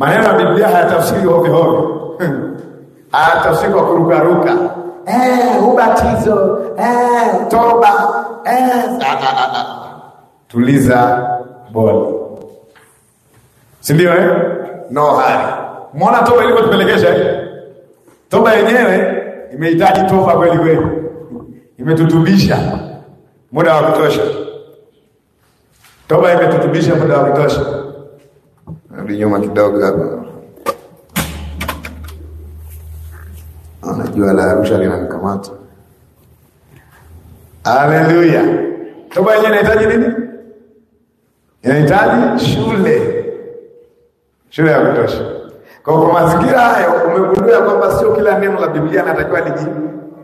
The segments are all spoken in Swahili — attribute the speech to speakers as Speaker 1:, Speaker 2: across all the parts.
Speaker 1: Maneno ya Biblia hayatafsiri hovyo hovyo, hayatafsiri kwa kurukaruka, eh, ubatizo, eh, toba, eh, tuliza boli, si ndio? Eh, no hari mwona toba ilivyotupelekesha eh? Toba yenyewe imehitaji toba kweli kweli, imetutubisha muda wa kutosha. Toba imetutubisha muda wa kutosha. Rudi nyuma kidogo hapa. Anajua la Arusha linanikamata. Haleluya. Toba yenyewe inahitaji nini? Inahitaji shule, shule ya kutosha. Kwa kwa mazingira hayo, umegundua kwamba sio kila neno la Biblia natakiwa liji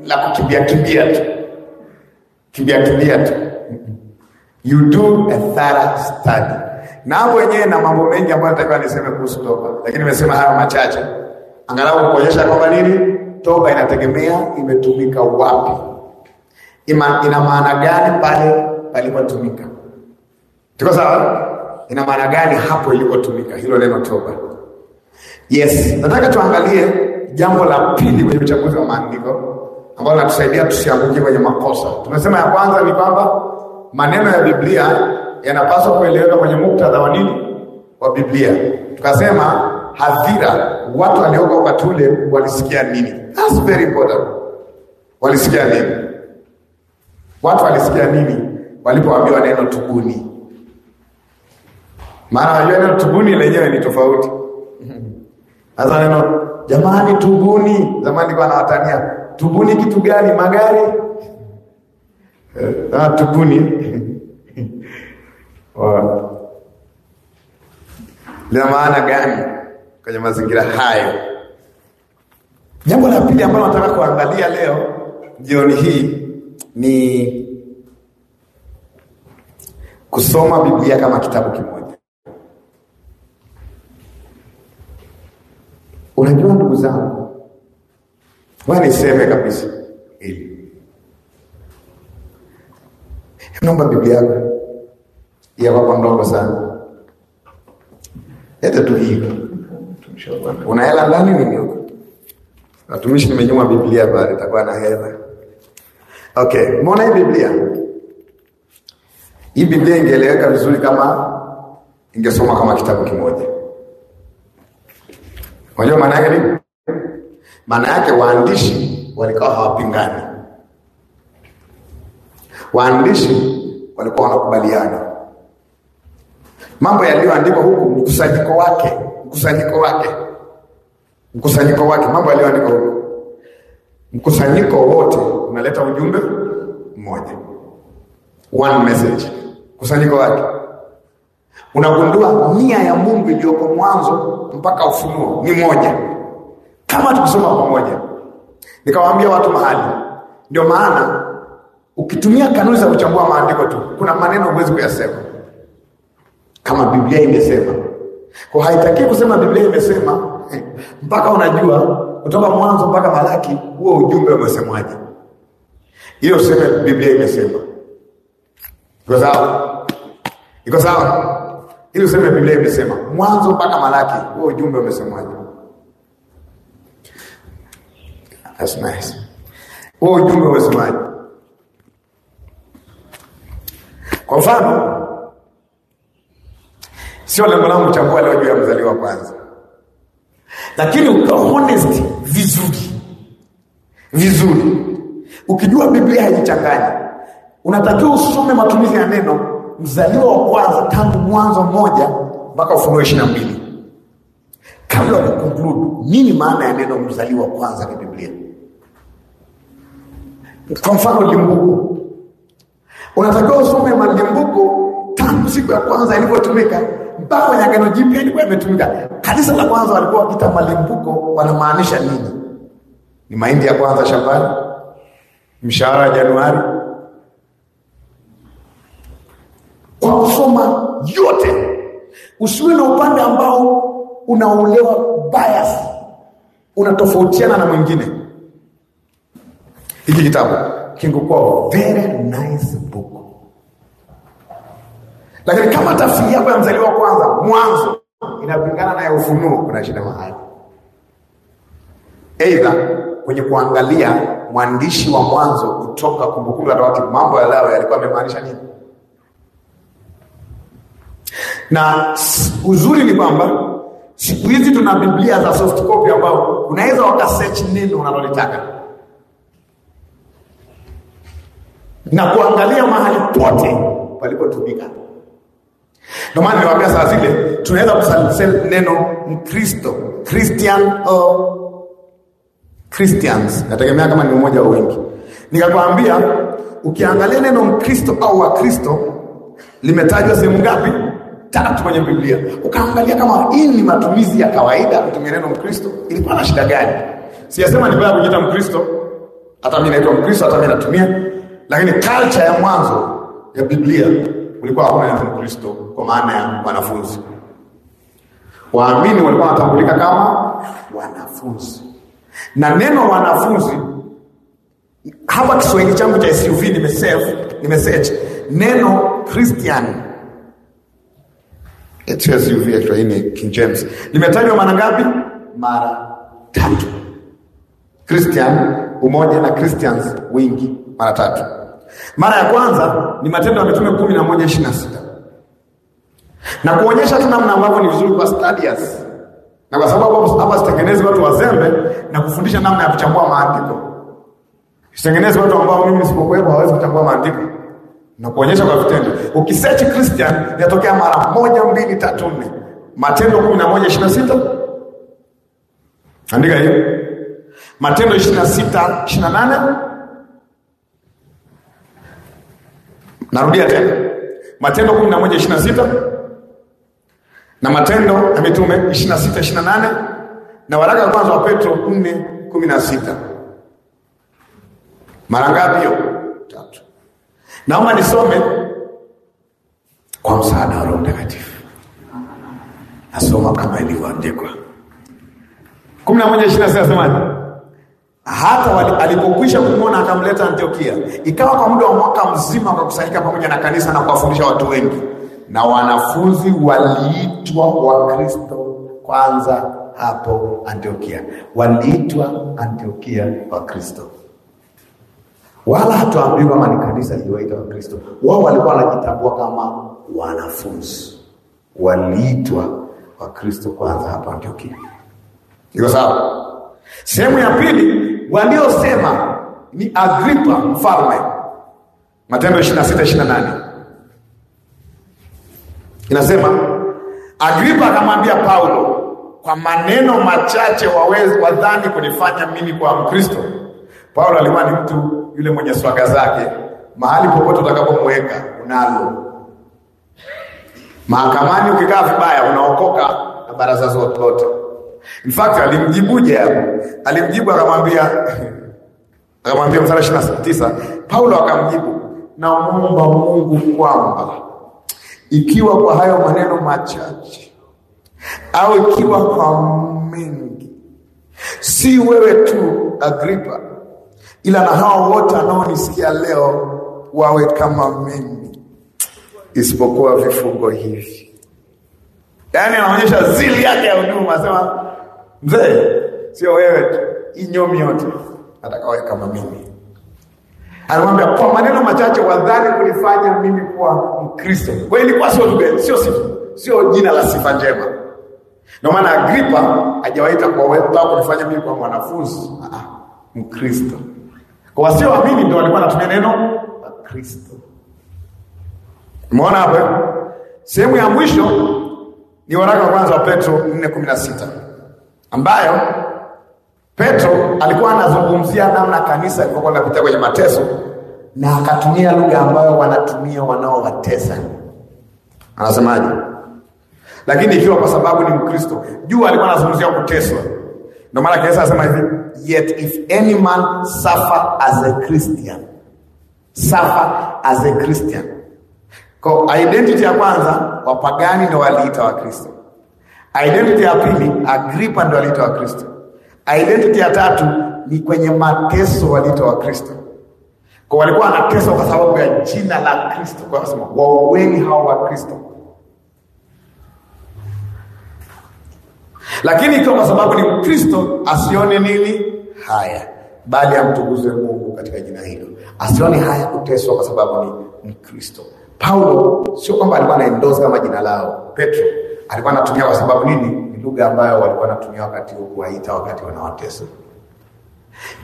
Speaker 1: la kukimbia kimbia tu, kimbia kimbia tu. You do a thorough study na wenyewe na mambo mengi ambayo natakiwa niseme kuhusu toba, lakini nimesema hayo machache angalau kuonyesha kwamba nini toba inategemea imetumika wapi, ima ina maana gani pale palipotumika. Tuko sawa? Ina maana gani hapo ilipotumika hilo neno toba? Yes, nataka tuangalie jambo la pili kwenye uchaguzi wa maandiko ambalo natusaidia tusianguke kwenye makosa. Tumesema ya kwanza ni kwamba maneno ya Biblia yanapaswa kueleweka kwenye muktadha wa nini wa Biblia. Tukasema hadhira, watu walioko Katule walisikia nini? That's very important. Walisikia nini? Watu walisikia nini walipoambiwa neno tubuni? Maana wajua neno tubuni lenyewe ni tofauti. Sasa neno jamani, tubuni, zamani kwa anawatania tubuni kitu gani? Magari ah, tubuni lina maana gani kwenye mazingira hayo? Jambo la pili ambalo nataka kuangalia leo jioni hii ni kusoma Biblia kama kitabu kimoja. Unajua ndugu zangu, wewe niseme kabisa, ili naomba Biblia yako ya baba ndogo sana. Leta tu hii. Una hela ndani nini huko? Watumishi nimenyuma Biblia pale, itakuwa na hela. Okay, mbona hii Biblia? Hii Biblia ingeeleweka vizuri kama ingesoma kama kitabu kimoja. Unajua maana yake nini? Maana yake waandishi walikuwa hawapingani. Waandishi walikuwa wanakubaliana Mambo yaliyoandikwa huku mkusanyiko wake, mkusanyiko wake, mkusanyiko wake, mambo yaliyoandikwa huku. Mkusanyiko wote unaleta ujumbe mmoja, one message, mkusanyiko wake. Unagundua nia ya Mungu iliyoko mwanzo mpaka ufunuo ni moja, kama tukisoma pamoja. Nikawaambia watu mahali, ndio maana ukitumia kanuni za kuchambua maandiko tu, kuna maneno huwezi kuyasema kama Biblia imesema. Kwa haitaki kusema Biblia imesema mpaka unajua kutoka mwanzo mpaka Malaki huo ujumbe umesemwaje. Hiyo sema Biblia imesema. Iko sawa? Iko sawa? Ili useme Biblia imesema mwanzo mpaka Malaki huo ujumbe umesemwaje. That's nice. Huo ujumbe umesemaje? Kwa mfano sio lengo langu chambua leo juu ya mzaliwa kwanza, lakini ukiwa honest vizuri vizuri, ukijua Biblia haijichanganyi, unatakiwa usome matumizi ya neno mzaliwa wa kwanza tangu Mwanzo moja mpaka Ufunuo ishirini na mbili kabla ya kukonkludu nini maana ya neno mzaliwa wa kwanza ni Biblia. Kwa mfano limbuko, unatakiwa usome malimbuko tangu siku ya kwanza ilivyotumika mpaka kwenye Agano Jipya ilikuwa imetumika. Kanisa la kwanza walikuwa wakita malimbuko, wanamaanisha nini? Ni mahindi ya kwanza shambani, mshahara wa Januari. Kwa kusoma yote, usiwe na upande ambao unaolewa bias, unatofautiana na mwingine. Hiki kitabu kingekuwa very nice book lakini kama tafsiri yako ya mzaliwa kwanza mwanzo inapingana na ya Ufunuo, kuna shida mahali, aidha kwenye kuangalia mwandishi wa mwanzo kutoka Kumbukumbu la Torati, mambo leo yalikuwa yamemaanisha nini? Na uzuri ni kwamba siku hizi tuna Biblia za soft copy ambao unaweza wakasearch neno unalolitaka na kuangalia mahali pote palipotumika. Ndio maana niwaambia saa zile tunaweza kusali neno Mkristo, Christian au Christians, nategemea kama ni mmoja wa wengi. Nikakwambia ukiangalia neno Mkristo au Wakristo limetajwa sehemu ngapi? Tatu kwenye Biblia. Ukaangalia kama hii ni matumizi ya kawaida kutumia neno Mkristo, ilikuwa na shida gani? Siyasema ni baya kujiita Mkristo, hata mimi naitwa Mkristo, hata mimi natumia, lakini culture ya mwanzo ya Biblia kulikuwa hakuna yeyote Mkristo kwa maana ya wanafunzi. Waamini walikuwa wanatambulika kama wanafunzi, na neno wanafunzi hapa Kiswahili changu cha SUV nimesave nimesearch neno Christian SUV ya Kiswahili King James limetajwa mara ngapi? Mara tatu. Christian umoja na Christians wingi mara tatu. Mara ya kwanza ni Matendo ya Mitume kumi na moja ishirini na sita na kuonyesha tu namna ambavyo ni vizuri kwa studies
Speaker 2: na kwa sababu hapa sitengenezi watu wazembe
Speaker 1: na kufundisha namna ya kuchambua maandiko. Sitengenezi watu ambao mimi nisipokuwepo hawawezi kuchambua maandiko na kuonyesha kwa vitendo. Ukisearch Christian inatokea mara moja, mbili, tatu, nne. Matendo 11:26 andika hiyo. Matendo 26:28 Narudia tena Matendo kumi na moja ishirini na sita na Matendo ya Mitume ishirini na sita ishirini na nane na waraka wa kwanza wa Petro nne kumi na sita Mara ngapi hiyo? Tatu. Naomba nisome kwa msaada wa Roho Mtakatifu. Nasoma kama ilivyoandikwa kumi na moja ishirini na sita hata alipokwisha kumwona akamleta Antiokia. Ikawa kwa muda wa mwaka mzima wakakusanyika pamoja na kanisa na kuwafundisha watu wengi, na wanafunzi waliitwa Wakristo kwanza hapo Antiokia, waliitwa Antiokia Wakristo, wala hatuambiwi kama ni kanisa liliwaita Wakristo. Wao walikuwa wanajitambua kama wanafunzi, waliitwa Wakristo kwanza hapo Antiokia. Iko sawa? Sehemu ya pili waliosema ni Agripa mfalme, Matendo 26:28 inasema Agripa akamwambia Paulo, kwa maneno machache wawezi wadhani kunifanya mimi kwa Mkristo. Paulo alikuwa ni mtu yule mwenye swaga zake, mahali popote utakapomweka unalo. Mahakamani ukikaa vibaya unaokoka na baraza zote. In fact alimjibuje hapo? Alimjibu akamwambia akamwambia mstari ishirini na tisa Paulo akamjibu, namwomba Mungu kwamba ikiwa kwa hayo maneno machache au ikiwa kwa mengi, si wewe tu Agripa, ila na hao wote wanaonisikia leo wawe kama mimi, isipokuwa vifungo hivi. Yaani anaonyesha zili yake ya huduma, asema mzee, sio wewe tu, inyomi yote atakawe kama mimi. Anamwambia kwa maneno machache wadhani kulifanya mimi kuwa Mkristo. Kwa hiyo ilikuwa sio lugha, sio sifa, sio jina la sifa njema. Ndio maana Agripa hajawaita kwa wewe kulifanya mimi kuwa mwanafunzi, ah, ah Mkristo.
Speaker 2: Kwa wasio wasioamini ndio walikuwa wanatumia neno
Speaker 1: Kristo. Umeona hapo? Eh? Sehemu ya mwisho ni waraka wa kwanza wa Petro 4:16 ambayo Petro alikuwa anazungumzia namna kanisa lilikuwa linapitia kwenye mateso na akatumia lugha ambayo wanatumia wanaowatesa. Anasemaje? Lakini ikiwa kwa sababu ni Mkristo, jua alikuwa anazungumzia kuteswa. Ndio maana Yesu anasema hivi, yet if any man suffer as a Christian, suffer as a Christian. Kwa identity ya kwanza, wapagani ndio waliita Wakristo. Identity ya pili, Agripa ndo aliitwa Wakristo. Identity ya tatu ni kwenye mateso waliitwa Wakristo, kwa walikuwa wanateswa kwa sababu ya jina la Kristo, kwa kusema waueni hao Wakristo. Lakini ikiwa kwa sababu ni Mkristo, asione nini haya, bali amtukuze Mungu katika jina hilo, asione haya kuteswa kwa sababu ni Mkristo. Paulo sio kwamba alikuwa anaendoza kama jina lao Petro alikuwa anatumia kwa sababu nini? Ni lugha ambayo walikuwa wanatumia wakati wa kuwaita, wakati wanawatesa.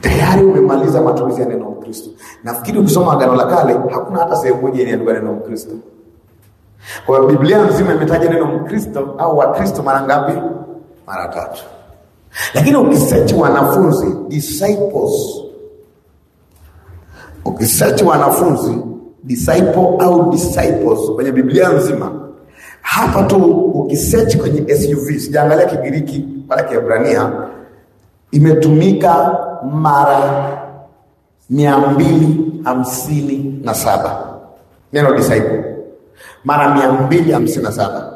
Speaker 1: Tayari umemaliza matumizi ya neno Mkristo. Nafikiri ukisoma Agano la Kale hakuna hata sehemu moja lugha neno Mkristo. Kwa hiyo Biblia nzima imetaja neno Mkristo au Wakristo mara ngapi? Mara tatu. Lakini ukisearch wanafunzi disciples, ukisearch wanafunzi disciple au disciples kwenye Biblia nzima hapa tu ukisearch kwenye SUV, sijaangalia Kigiriki wala Kiebrania, imetumika mara mia mbili hamsini na saba neno disciple mara mia mbili hamsini na saba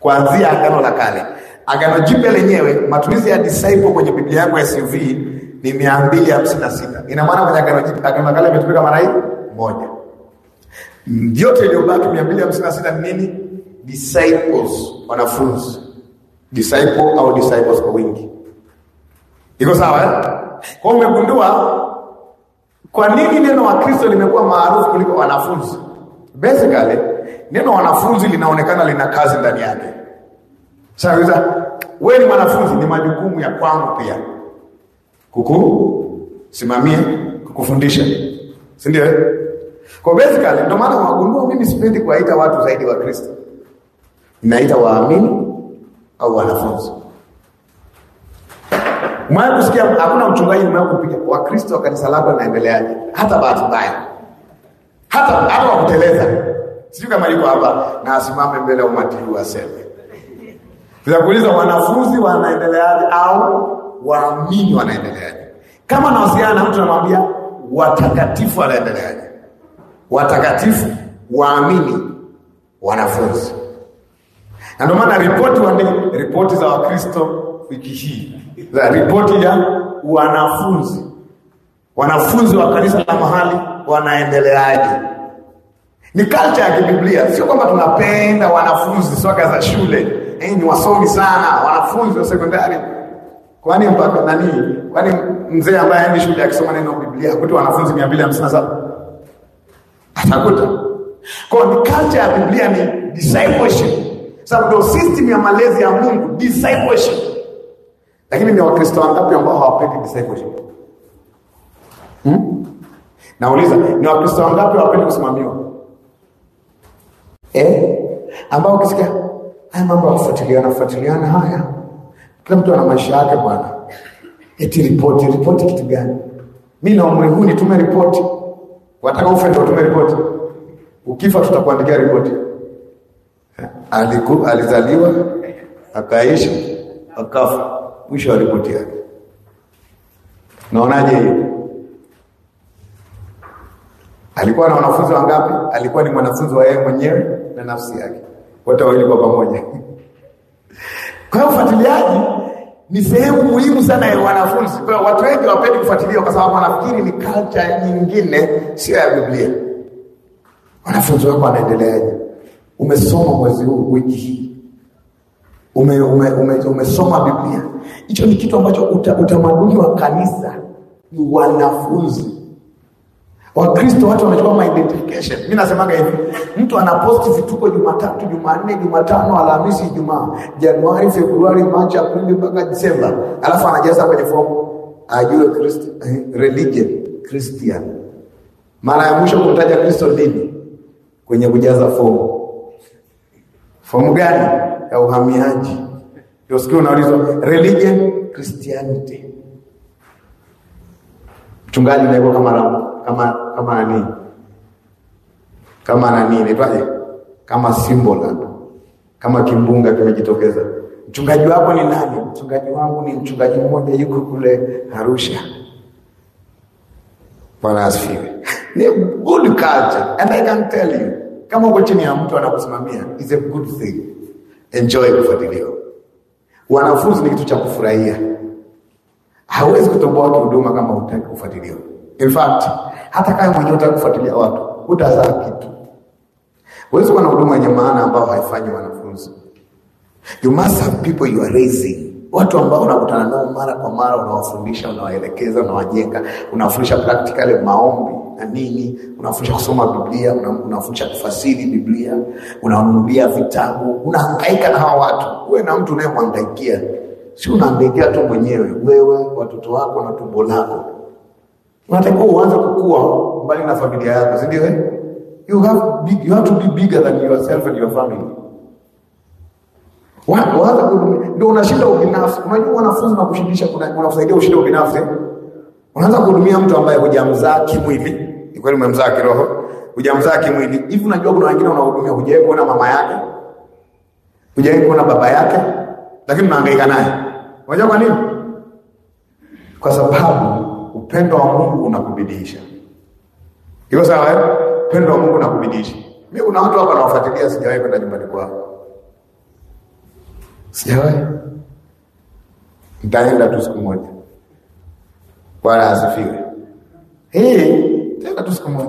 Speaker 1: kuanzia Agano la Kale. Agano Jipya lenyewe matumizi ya disciple kwenye Biblia yako SUV ni mia mbili hamsini na sita. Ina maana kwenye Agano Jipya, Agano la Kale imetumika mara hii moja. Yote iliyobaki mia mbili hamsini na sita ni nini? disciples wanafunzi disciple au disciples kwa wingi iko sawa eh? kwa umegundua kwa nini neno wa Kristo limekuwa maarufu kuliko wanafunzi basically neno wanafunzi linaonekana lina kazi ndani yake sasa wewe ni mwanafunzi ni majukumu ya kwangu pia kukusimamia kukufundisha si ndio eh? kwa basically ndio maana wagundua mimi sipendi kuwaita watu zaidi wa Kristo inaita waamini au wanafunzi. Mwae kusikia hakuna mchungaji mwae kupiga Wakristo wa kanisa lako naendeleaje? Hata bahati mbaya. Hata hata wakuteleza. Sijui kama yuko hapa na asimame mbele ya umati huu aseme. Tunakuuliza wanafunzi wanaendeleaje au waamini wanaendeleaje? Kama nahusiana na mtu anamwambia watakatifu wanaendeleaje? Watakatifu, waamini, wanafunzi na ndio maana ripoti wa ripoti za Wakristo wiki hii za ripoti ya wanafunzi wanafunzi wa kanisa la mahali wanaendeleaje? Ni culture ya kibiblia, sio kwamba tunapenda wanafunzi soka za shule. ni wasomi sana, wanafunzi wa sekondari. Kwani mpaka nani? Kwani mzee ambaye ni shule akisoma neno Biblia akuta wanafunzi 257 atakuta? Kwa ni culture ya Biblia ni discipleship sababu ndio system ya malezi ya Mungu discipleship. Lakini ni Wakristo wangapi ambao hawapendi discipleship? Hmm? Nauliza, ni Wakristo wangapi hawapendi kusimamiwa? Eh? Ambao ukisikia haya mambo ya kufuatiliana fuatiliana haya. Kila mtu ana maisha yake bwana. Eti ripoti, ripoti kitu gani? Mimi na umri huu nitume ripoti. Wataka ufe ndio tume ripoti. Ukifa tutakuandikia ripoti aliku, alizaliwa akaishi akafa, mwisho wa ripoti yake. Naonaje Alikuwa na wanafunzi wangapi? Alikuwa ni mwanafunzi wa yeye mwenyewe na nafsi yake, wote wawili kwa pamoja. Kwa hiyo ufuatiliaji ni sehemu muhimu sana ya wanafunzi. Kwa watu wengi wapendi kufuatilia kwa sababu wanafikiri ni culture nyingine, sio ya Biblia. Wanafunzi wako wanaendeleaje? umesoma mwezi huu, wiki hii ume, ume, ume, umesoma Biblia. Hicho ni kitu ambacho uta, utamaduni wa kanisa ni wanafunzi Wakristo watu wanachukua my identification. Mimi nasemaga hivi, mtu anaposti vituko Jumatatu, Jumanne, Jumatano, Alhamisi, Ijumaa, Januari, Februari, Machi, Aprili mpaka Disemba, alafu anajaza kwenye fomu ajue eh, religion Christian. Mara ya mwisho kumtaja Kristo lini kwenye kujaza fomu? Fomu gani ya uhamiaji? Ndio sikio unaulizwa religion Christianity. Mchungaji naiko kama kama kama nani? Kama nani? Inaitwaje? Kama symbol hapo. Kama kimbunga kimejitokeza. Mchungaji wako ni nani? Mchungaji wangu ni mchungaji mmoja yuko kule Arusha. Bwana asifiwe. Ni good culture and I can tell you kama uko chini ya mtu anakusimamia is a good thing. Enjoy kufuatiliwa. Wanafunzi ni kitu cha kufurahia. Hawezi kutoboa kihuduma kama hutaki kufuatiliwa. In fact, hata kama mwenyewe hutaki kufuatilia watu, hutazaa kitu. Huwezi kuwa na huduma yenye maana ambayo haifanyi wanafunzi. You must have people you are raising. Watu ambao unakutana nao mara kwa mara, unawafundisha, unawaelekeza, unawajenga, unawafundisha practically maombi na nini, unafundisha kusoma Biblia, unafundisha kufasiri Biblia, unanunulia vitabu, unahangaika na hawa watu. Wewe na mtu unayemwangaikia, si unahangaikia tu mwenyewe, wewe, watoto wako na tumbo lako. Unatakiwa uanze kukua mbali na familia yako, si ndio? Eh? You have big, you have to be bigger than yourself and your family. Waanza ndio unashinda ubinafsi. Unajua wanafunzi na kushindisha kuna unasaidia ushinde ubinafsi. Eh? Unaanza kuhudumia mtu ambaye hujamzaa kimwili, ni kweli umemzaa kiroho, hujamzaa kimwili. Hivi unajua kuna wengine unahudumia hujawahi kuona mama yake, hujawahi kuona baba yake, lakini unahangaika naye. Unajua kwa nini? Kwa sababu upendo wa Mungu unakubidiisha. Iko sawa eh? Upendo wa Mungu unakubidiisha. Mimi kuna watu hapa nawafuatilia, sijawahi kwenda nyumbani kwao, sijawahi. Nitaenda tu siku moja. Bwana asifiwe. Hii tena tu siku moja,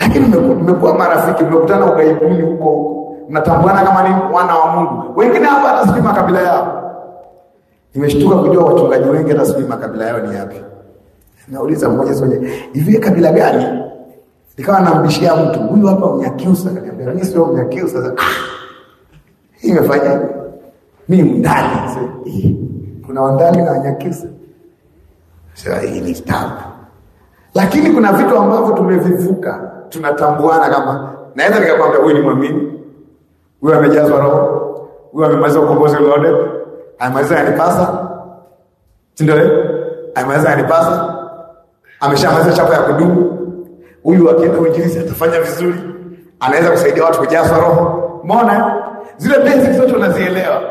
Speaker 1: lakini mmekuwa marafiki, mmekutana ugaibuni huko, mnatambuana kama ni wana wa Mungu. Wengine hapa hata sijui makabila yao.
Speaker 2: Nimeshtuka kujua wachungaji wengi hata sijui
Speaker 1: makabila yao ni yapi. Nauliza mmoja soja, hivi kabila gani? Nikawa nambishia mtu huyu hapa Mnyakyusa, akaniambia mimi sio Mnyakyusa. Sasa hii imefanya mimi mndani, eh, kuna wandani na Wanyakyusa. Sasa hii ni tabu. Lakini kuna vitu ambavyo tumevivuka, tunatambuana kama naweza nikakwambia huyu ni mwamini, huyu amejazwa roho, huyu amemaliza ukombozi ulioone, amemaliza yanipasa, sindio? Eh? Amemaliza yanipasa, ameshamaliza chapa ya kudumu. Huyu akienda uinjilizi atafanya vizuri, anaweza kusaidia watu kujazwa roho. mona eh? zile basics zote unazielewa.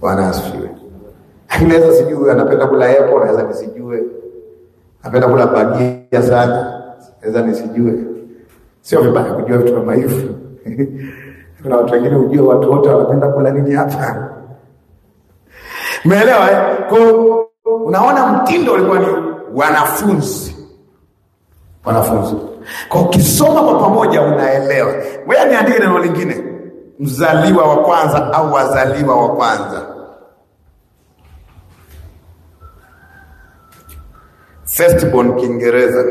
Speaker 1: Bwana asifiwe. Inaweza sijui anapenda kula epo, naweza nisijue. Napenda kula bagia sana, naweza nisijue. Sio vibaya kujua vitu kama hivyo. Kuna watu wengine hujua watu wote wanapenda kula nini hapa. Umeelewa eh? Kwa unaona mtindo ulikuwa ni wanafunzi. Wanafunzi. Kwa ukisoma kwa pamoja unaelewa. Wewe niandike neno lingine. Mzaliwa wa kwanza au wazaliwa wa kwanza. Firstborn Kiingereza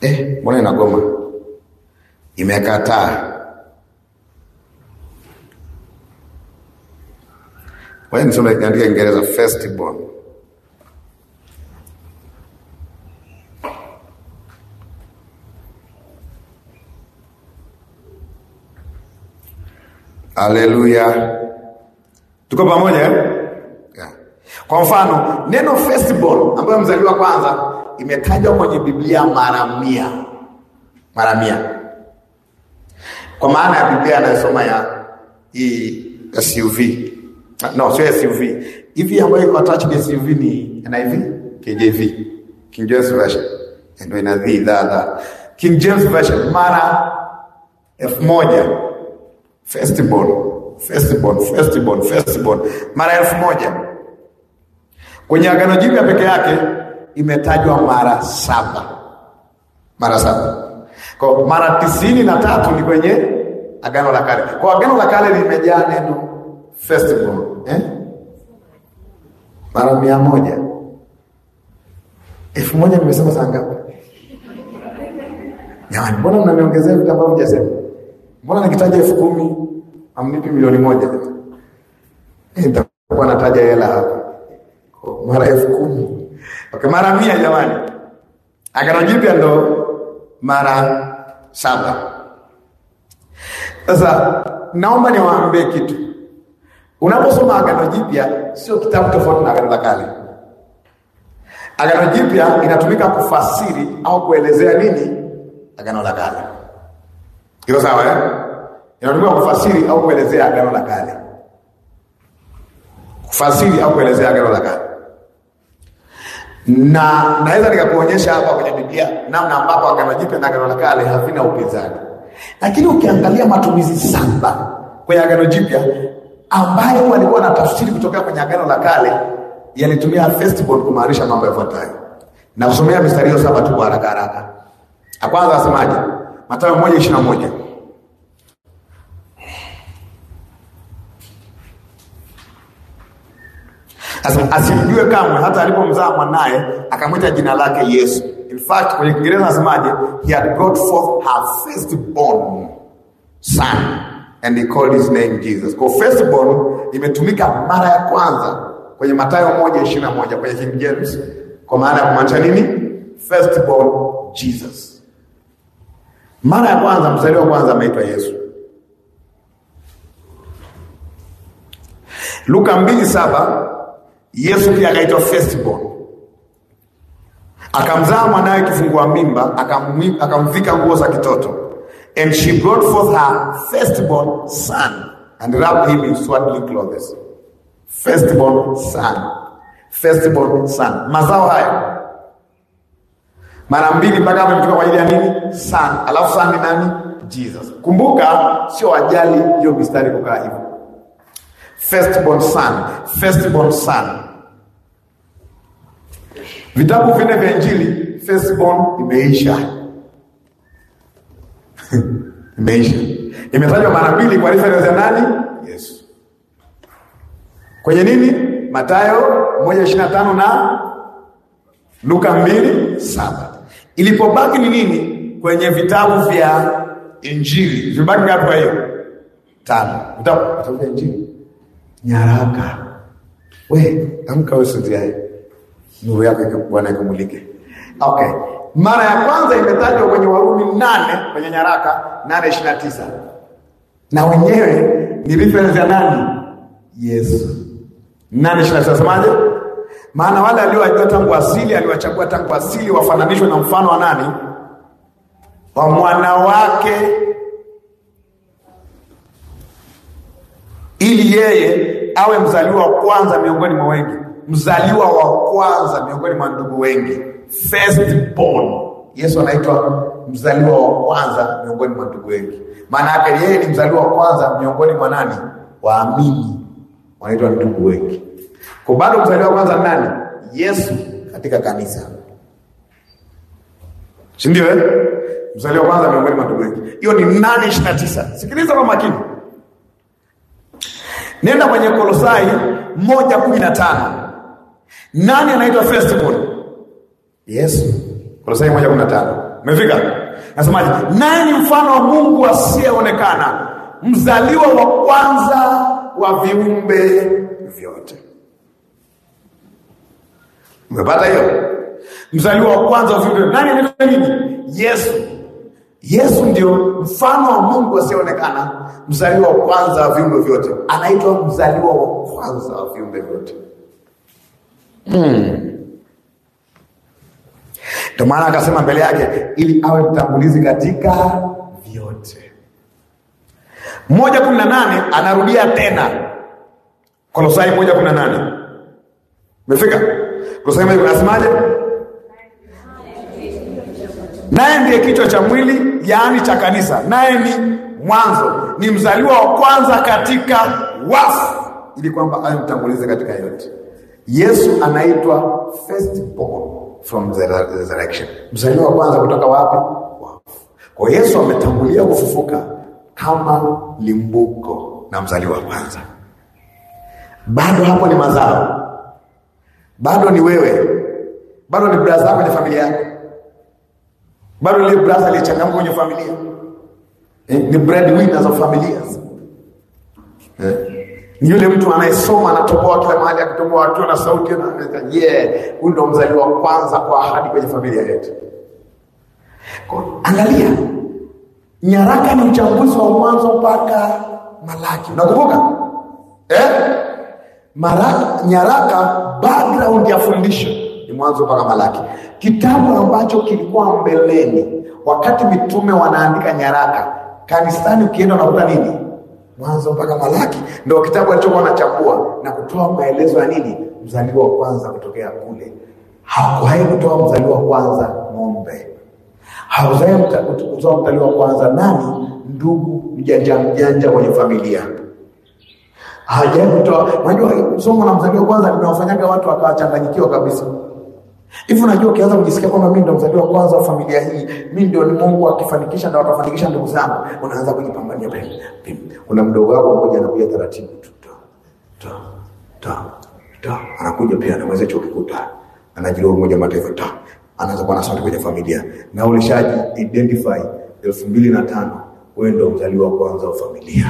Speaker 1: eh, mbona inagoma? Imekataa. Wewe nisome kaandika Kiingereza firstborn Haleluya, tuko pamoja. Eh? yeah. Kwa mfano neno festival ambayo mzaliwa kwanza imetajwa kwenye Biblia mara mia mara mia kwa maana ya Biblia anayosoma ya hii SUV no, sio SUV hivi ambayo iko attached SUV ni NIV KJV, King James Version, ndio inadhi dada King James Version mara elfu moja firstborn, firstborn, firstborn, firstborn mara elfu moja kwenye Agano Jipya peke yake imetajwa mara saba,
Speaker 2: mara saba.
Speaker 1: Kwa mara tisini na tatu ni kwenye Agano la Kale. Kwa Agano la Kale limejaa neno firstborn eh? mara mia moja elfu moja nimesema saa ngapi? Jamani, mbona mnaniongezea vitu ambavyo hujasema? mbona nikitaja elfu kumi amnipi milioni moja? Nitakuwa nataja hela hapa mara elfu kumi okay, mara mia jamani, agano jipya ndo mara saba. Sasa naomba niwaambie kitu, unaposoma agano jipya sio kitabu tofauti na agano la kale. Agano jipya inatumika kufasiri au kuelezea nini agano la kale Iko sawa eh? Inatumiwa kufasiri au kuelezea agano la kale, kufasiri au kuelezea agano la kale. Na naweza nikakuonyesha hapa kwenye Biblia namna ambapo agano jipya na agano la kale havina upinzani, lakini ukiangalia matumizi saba kwenye agano jipya ambayo walikuwa na tafsiri kutoka kwenye agano la kale yalitumia festival kumaanisha mambo yafuatayo. Na kusomea mistari hiyo saba tu kwa haraka haraka. Kwanza asemaje? Mathayo moja ishirini na moja. Asimjue kamwe hata alipomzaa mwanaye akamwita jina lake Yesu. In fact, kwenye Kiingereza nasemaje? He had brought forth her firstborn son and he called his name Jesus. Kwa firstborn imetumika mara ya kwanza kwenye Mathayo moja ishirini na moja kwenye King James, kwa maana ya kumaanisha nini? Firstborn Jesus. Mara ya kwanza mzaliwa kwanza ameitwa Yesu. Luka mbili saba Yesu pia akaitwa firstborn, akamzaa mwanawe kifungua mimba, akamvika nguo za kitoto, and she brought forth her firstborn son and wrapped him in swaddling clothes. Firstborn son, firstborn son, mazao haya mara mbili mpaka hapo imetoka kwa ajili ya nini? Sun. Alafu sun ni nani? Jesus. Kumbuka sio ajali hiyo mistari kukaa hivyo. First born son, first born son. Vitabu vine vya Injili first born imeisha. imeisha. Imetajwa mara mbili kwa reference ya nani? Yesu. Kwenye nini? Mathayo 1:25 na Luka 2:7. Ilipobaki ni nini? Kwenye vitabu vya Injili vibaki ngapi? Kwa hiyo tano. Vitabu vya Injili, nyaraka. We amka, wewe nuru yako Bwana ikumulike. Okay, mara ya kwanza imetajwa kwenye Warumi nane kwenye nyaraka nane ishirini na tisa na wenyewe ni reference ya nani? Yesu. nane ishirini na tisa semaje? Maana wale aliowajua tangu asili, aliwachagua tangu asili wafananishwe na mfano wa nani? Wa mwanawake, ili yeye awe mzaliwa wa kwanza miongoni mwa wengi, mzaliwa wa kwanza miongoni mwa ndugu wengi, first born. Yesu anaitwa mzaliwa wa kwanza miongoni mwa ndugu wengi. Maana yake yeye ni mzaliwa wa kwanza miongoni mwa nani? Waamini wanaitwa ndugu wengi. Kwa bado mzaliwa kwanza nani? Yesu katika kanisa. Si ndio eh? Mzaliwa kwanza miongoni mwa ndugu wengi, Hiyo ni 8:29. Sikiliza kwa makini. Nenda kwenye Kolosai 1:15. Nani anaitwa first born? Yesu. Kolosai 1:15. Umefika? Nasemaje? Nani mfano wa Mungu asiyeonekana? Mzaliwa wa kwanza wa viumbe vyote. Umepata hiyo? Mzaliwa wa kwanza vipi? Nani anaitwa nini? Yesu. Yesu ndio mfano wa Mungu asiyeonekana, mzaliwa wa kwanza wa viumbe vyote. Anaitwa mzaliwa wa kwanza wa viumbe vyote. Hmm. Ndio maana akasema mbele yake ili awe mtangulizi katika vyote. Moja kumi na nane anarudia tena Kolosai moja kumi na nane. mefika kusema hivyo nasemaje? Naye ndiye kichwa cha mwili, yaani cha kanisa, naye ni mwanzo, ni mzaliwa wa kwanza katika wafu, ili kwamba ayo mtangulize katika yote. Yesu anaitwa first born from the resurrection, mzaliwa wa kwanza kutoka wapi? Wafu. Kwa Yesu ametangulia kufufuka kama limbuko na mzaliwa wa kwanza. Bado hapo ni mazao bado ni wewe, bado ni brother kwenye familia yako, bado ni brother aliyechangamka kwenye familia eh, ni breadwinner za familia eh. Ni yule mtu anayesoma anatoboa kila mahali, akitoboa watu na sauti na je, yeah, huyu ndo mzaliwa wa kwanza kwa ahadi kwenye familia yetu. Kwa angalia nyaraka ni uchambuzi wa mwanzo mpaka Malaki, unakumbuka eh? Maraka, nyaraka background ya fundisho ni Mwanzo mpaka Malaki, kitabu ambacho kilikuwa mbeleni wakati mitume wanaandika nyaraka. Kanisani ukienda unakuta nini? Mwanzo mpaka Malaki ndio kitabu alichokuwa anachagua na kutoa maelezo ya nini, mzaliwa wa kwanza kutokea kule. Hakuwahi kutoa mzaliwa wa kwanza ng'ombe, hakuwahi mzaliwa wa kwanza nani, ndugu mjanja mjanja kwenye familia hajakutoa. Unajua somo la mzaliwa kwanza linawafanyaga watu wakawachanganyikiwa kabisa. Hivi unajua ukianza kujisikia kwamba mimi ndo mzaliwa kwanza wa familia hii, mimi ndio ni Mungu akifanikisha na watafanikisha ndugu zangu, unaanza kujipambania pale. Kuna mdogo wako mmoja anakuja taratibu tu tu tu tu tu, anakuja pia chuo mwenzetu ukikuta anajiroa mmoja mataifa ta, anaanza kuwa naswali kwenye familia na ulishaji identify elfu mbili na tano wewe ndo mzaliwa kwanza wa familia,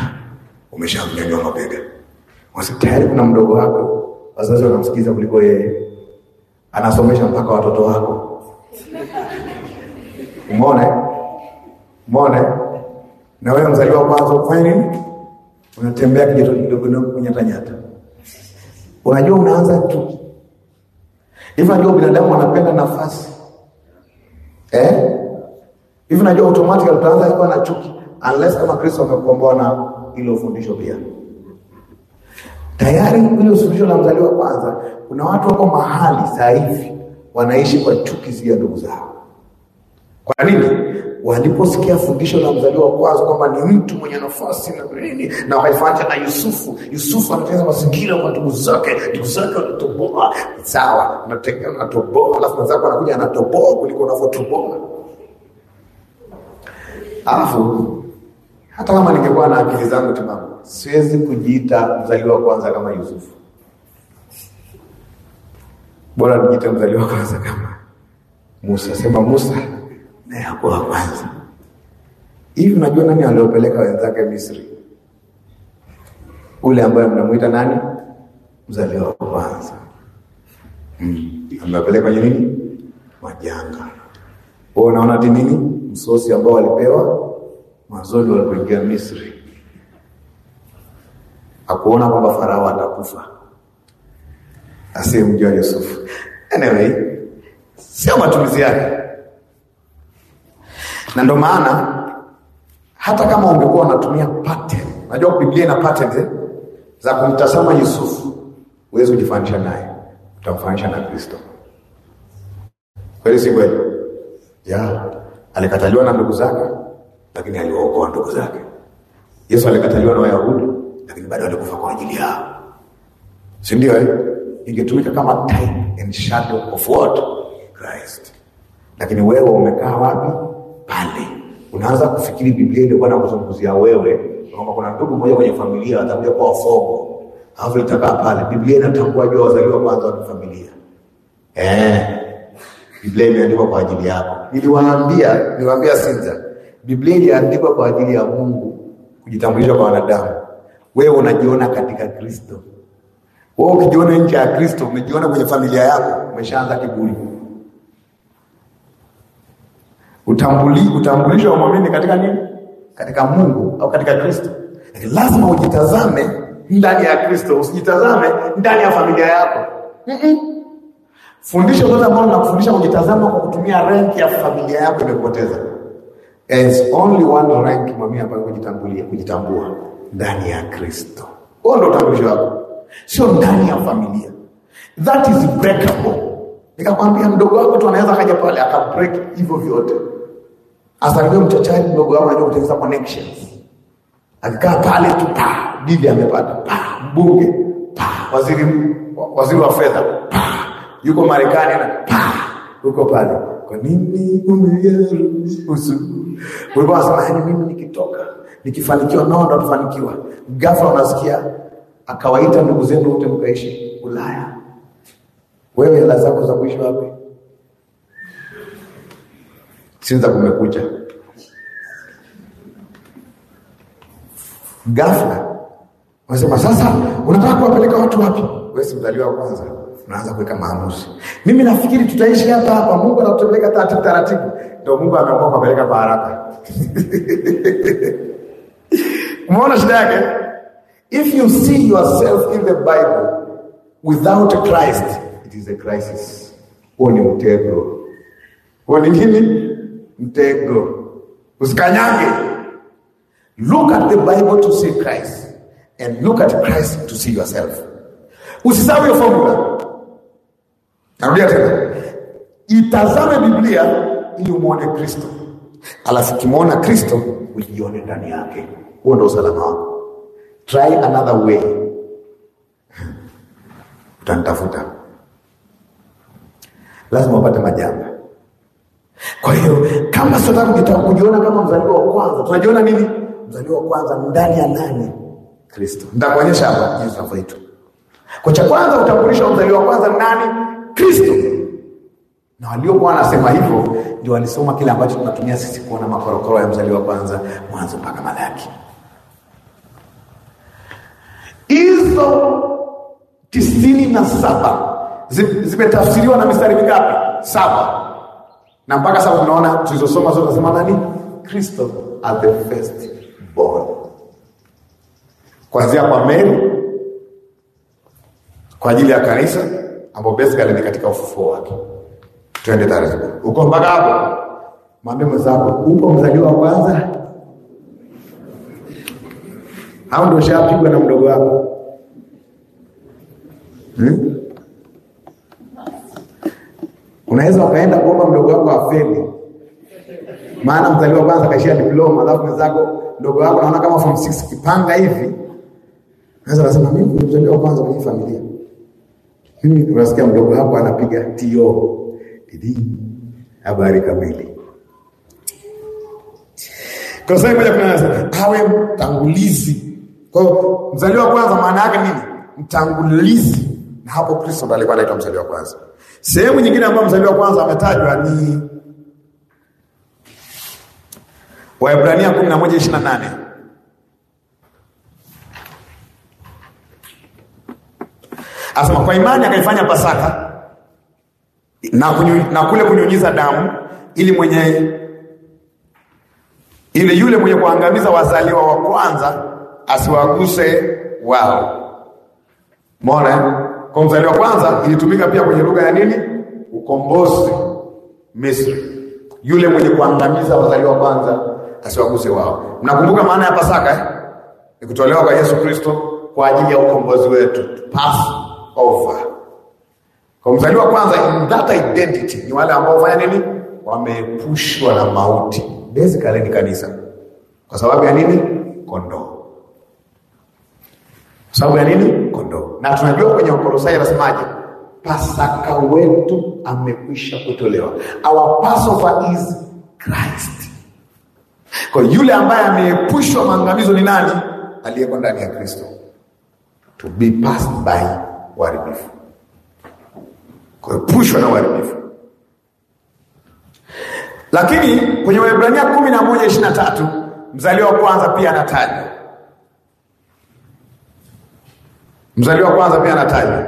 Speaker 1: umeshamnyanyua mabega. Tayari kuna mdogo wako, wazazi wanamsikiza kuliko yeye, anasomesha mpaka watoto wako. Umeona, umeona. Na wewe mzaliwa kwanza, ufanye nini? Unatembea kijito kidogo, na kunyata nyata, Unajua, unaanza tu hivi. Ndio binadamu wanapenda nafasi eh? Hivi najua automatically utaanza kuwa na chuki, unless kama Kristo amekuomboa na hilo fundisho pia. Tayari ule usuluhisho la mzaliwa kwanza, kuna watu wako mahali saa hivi wanaishi kwa chuki zia ndugu zao. Kwa nini? Waliposikia fundisho la mzaliwa kwanza kwamba ni mtu mwenye nafasi na nini, na waifanya na Yusufu. Yusufu anatengeneza mazingira kwa ndugu zake, ndugu zake wanatoboa. Sawa, natoboa, alafu mwenzako anakuja anatoboa kuliko unavyotoboa, alafu hata kama ningekuwa na akili zangu timamu, siwezi kujiita mzaliwa kwanza kama Yusufu. Bora nijiite mzaliwa kwanza kama Musa. Sema Musa naye wa kwanza. Hivi unajua nani aliopeleka wenzake Misri? Ule ambaye mnamuita nani? Mzaliwa wa kwanza. Mm. Amepeleka kwenye nini? Majanga. Wewe unaona ti nini? Msosi ambao walipewa mwanzoni walipoingia Misri hakuona kwamba Farao atakufa asiyemjua Yusufu. Anyway, sio matumizi yake, na ndio maana hata kama ungekuwa unatumia pattern, najua Biblia ina patterns eh, za kumtazama Yusufu, huwezi kujifanisha naye, utamfanisha na Kristo. Kweli si kweli? Ya, alikataliwa na ndugu zake lakini aliwaokoa ndugu zake. Yesu alikataliwa na Wayahudi, lakini bado alikufa kwa ajili yao, si ndio? Eh, ingetumika kama type and shadow of what Christ. Lakini wewe umekaa wapi? Pale unaanza kufikiri Biblia ile Bwana kuzunguzia wewe kwamba kuna ndugu mmoja kwenye familia atakuja kwa fogo, halafu itakaa pale. Biblia inatambua jua wazaliwa kwanza wa familia eh, Biblia imeandikwa kwa ajili yako. Niliwaambia, niliwaambia Sinza Biblia iliandikwa kwa ajili ya Mungu kujitambulisha kwa wanadamu. Wewe unajiona katika Kristo. Wewe ukijiona nje ya Kristo, umejiona kwenye familia yako, umeshaanza kiburi. Utambuli, utambulisho wa muamini katika nini? Katika Mungu au katika Kristo? Lazima ujitazame ndani ya Kristo, usijitazame ndani ya familia yako.
Speaker 2: Mm-mm. Fundisho lote ambalo nakufundisha kujitazama kwa
Speaker 1: kutumia rank ya familia yako imepoteza As only one rank mamia ambayo kujitambulia, kujitambua ndani ya Kristo. Huo ndo utambulisho wako, sio ndani ya familia. That is breakable. Nikakwambia mdogo wako tu anaweza akaja pale akabreak hivyo vyote. Asaliwe mchachaji mdogo wako anajua kutengeneza connections. Akikaa pale tu pa bibi amepata pa mbunge pa waziri waziri wa fedha pa yuko Marekani na pa yuko pale kwa nini umeruhusu? Ulikuwa unasema yani, mimi nikitoka nikifanikiwa, nao ndo tufanikiwa. Ghafla unasikia akawaita ndugu zenu wote mkaishi Ulaya, wewe hela zako za kuishi wapi? Sinza kumekucha ghafla, unasema sasa unataka kuwapeleka watu wapi? Wewe si mzaliwa wa kwanza unaanza kuweka maamuzi. Mimi nafikiri tutaishi hapa hapa, Mungu anatupeleka taratibu taratibu, ndio Mungu ameamua kupeleka kwa haraka umeona shida yake? If you see yourself in the Bible without Christ it is a crisis. Huo ni mtego. Huo ni nini? Mtego. Usikanyage. Look at the Bible to see Christ and look at Christ to see yourself. Usisahau hiyo formula. Narudia tena, itazame Biblia ili umwone Kristo, alafu kimwona Kristo ujione ndani yake. Huo ndo usalama wako. Try another way, utanitafuta. Lazima upate majanga. Kwa hiyo kama sitataka kujiona kama mzaliwa wa kwanza, tunajiona nini? Mzaliwa wa kwanza ndani ya nani? Kristo. Nitakuonyesha hapa jinsi tunavyoitwa. Kwa cha kwanza utambulisha mzaliwa wa kwanza nani? Kristo. Na waliokuwa wanasema hivyo ndio walisoma kile ambacho tunatumia sisi kuona makorokoro ya mzaliwa kwanza, Mwanzo mpaka Malaki. Hizo tisini na saba zimetafsiriwa na mistari mingapi? Saba. Na mpaka sasa tunaona tulizosoma zote zinasema nani? Kristo at the first born, kuanzia kwa Mary kwa ajili ya kanisa ambao basically ni katika ufufuo wake. Twende taratibu. Uko mpaka hapo? Mwambie mwenzako, uko mzaliwa wa kwanza? Hao ndio shapigwa na mdogo wako. Hmm? Unaweza ukaenda kuomba mdogo wako afeli. Maana mzaliwa wa kwanza kaishia diploma, alafu mwenzako mdogo wako naona kama form 6 kipanga hivi. Naweza kusema mimi mzaliwa wa kwanza kwenye familia. Hivi tunasikia mdogo hapo anapiga tio didi, habari kamili. Kolosai moja kuna nasema awe mtangulizi. Kwa hiyo mzaliwa wa kwanza maana yake nini? Mtangulizi. Na hapo Kristo ndiye alikuwa anaitwa mzaliwa wa kwanza. Sehemu nyingine ambayo mzaliwa wa kwanza ametajwa ni Waebrania 11:28. Asema kwa imani akaifanya Pasaka na, kunyu, na kule kunyunyiza damu ili mwenye ili yule mwenye kuangamiza wazaliwa wa kwanza asiwaguse wao. Mbona eh? kwa mzaliwa wa kwanza ilitumika pia kwenye lugha ya nini? Ukombozi Misri, yule mwenye kuangamiza wazaliwa wa kwanza asiwaguse wao. Mnakumbuka maana ya Pasaka eh? Ni kutolewa kwa Yesu Kristo kwa ajili ya ukombozi wetu. Pass over. Kwa mzaliwa kwanza, in that identity ni wale ambao wafanya nini, wameepushwa na mauti. Basically ni kanisa, kwa sababu ya nini? Kondoo. Kwa sababu ya nini? Kondoo. Na tunajua kwenye Wakolosai anasemaje? Pasaka wetu amekwisha kutolewa, our Passover is Christ. Kwa yule ambaye ameepushwa maangamizo ni nani? Aliyeko ndani ya Kristo, to be passed by uharibifu, kuepushwa na uharibifu. Lakini kwenye Waebrania kumi na moja ishirini na tatu mzaliwa wa kwanza pia anatajwa, mzaliwa wa kwanza pia anatajwa.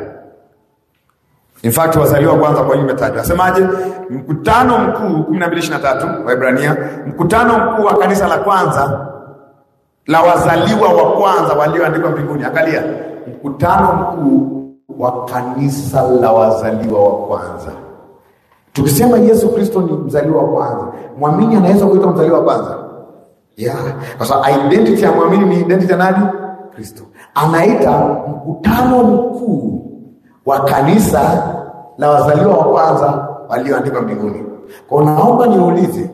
Speaker 1: In fact wazaliwa kwanza kwa imetajwa. Asemaje? Mkutano mkuu 12:23 Waebrania, mkutano mkuu wa kanisa la kwanza la wazaliwa wa kwanza walioandikwa mbinguni. Angalia, mkutano mkuu wa kanisa la wazaliwa wa kwanza. Tukisema Yesu Kristo ni mzaliwa wa kwanza, mwamini anaweza kuitwa mzaliwa wa kwanza yeah. Kwa sababu identity ya mwamini ni identity ya nani? Kristo. Anaita mkutano mkuu wa kanisa la wazaliwa wa kwanza walioandikwa mbinguni. Kwa naomba niulize,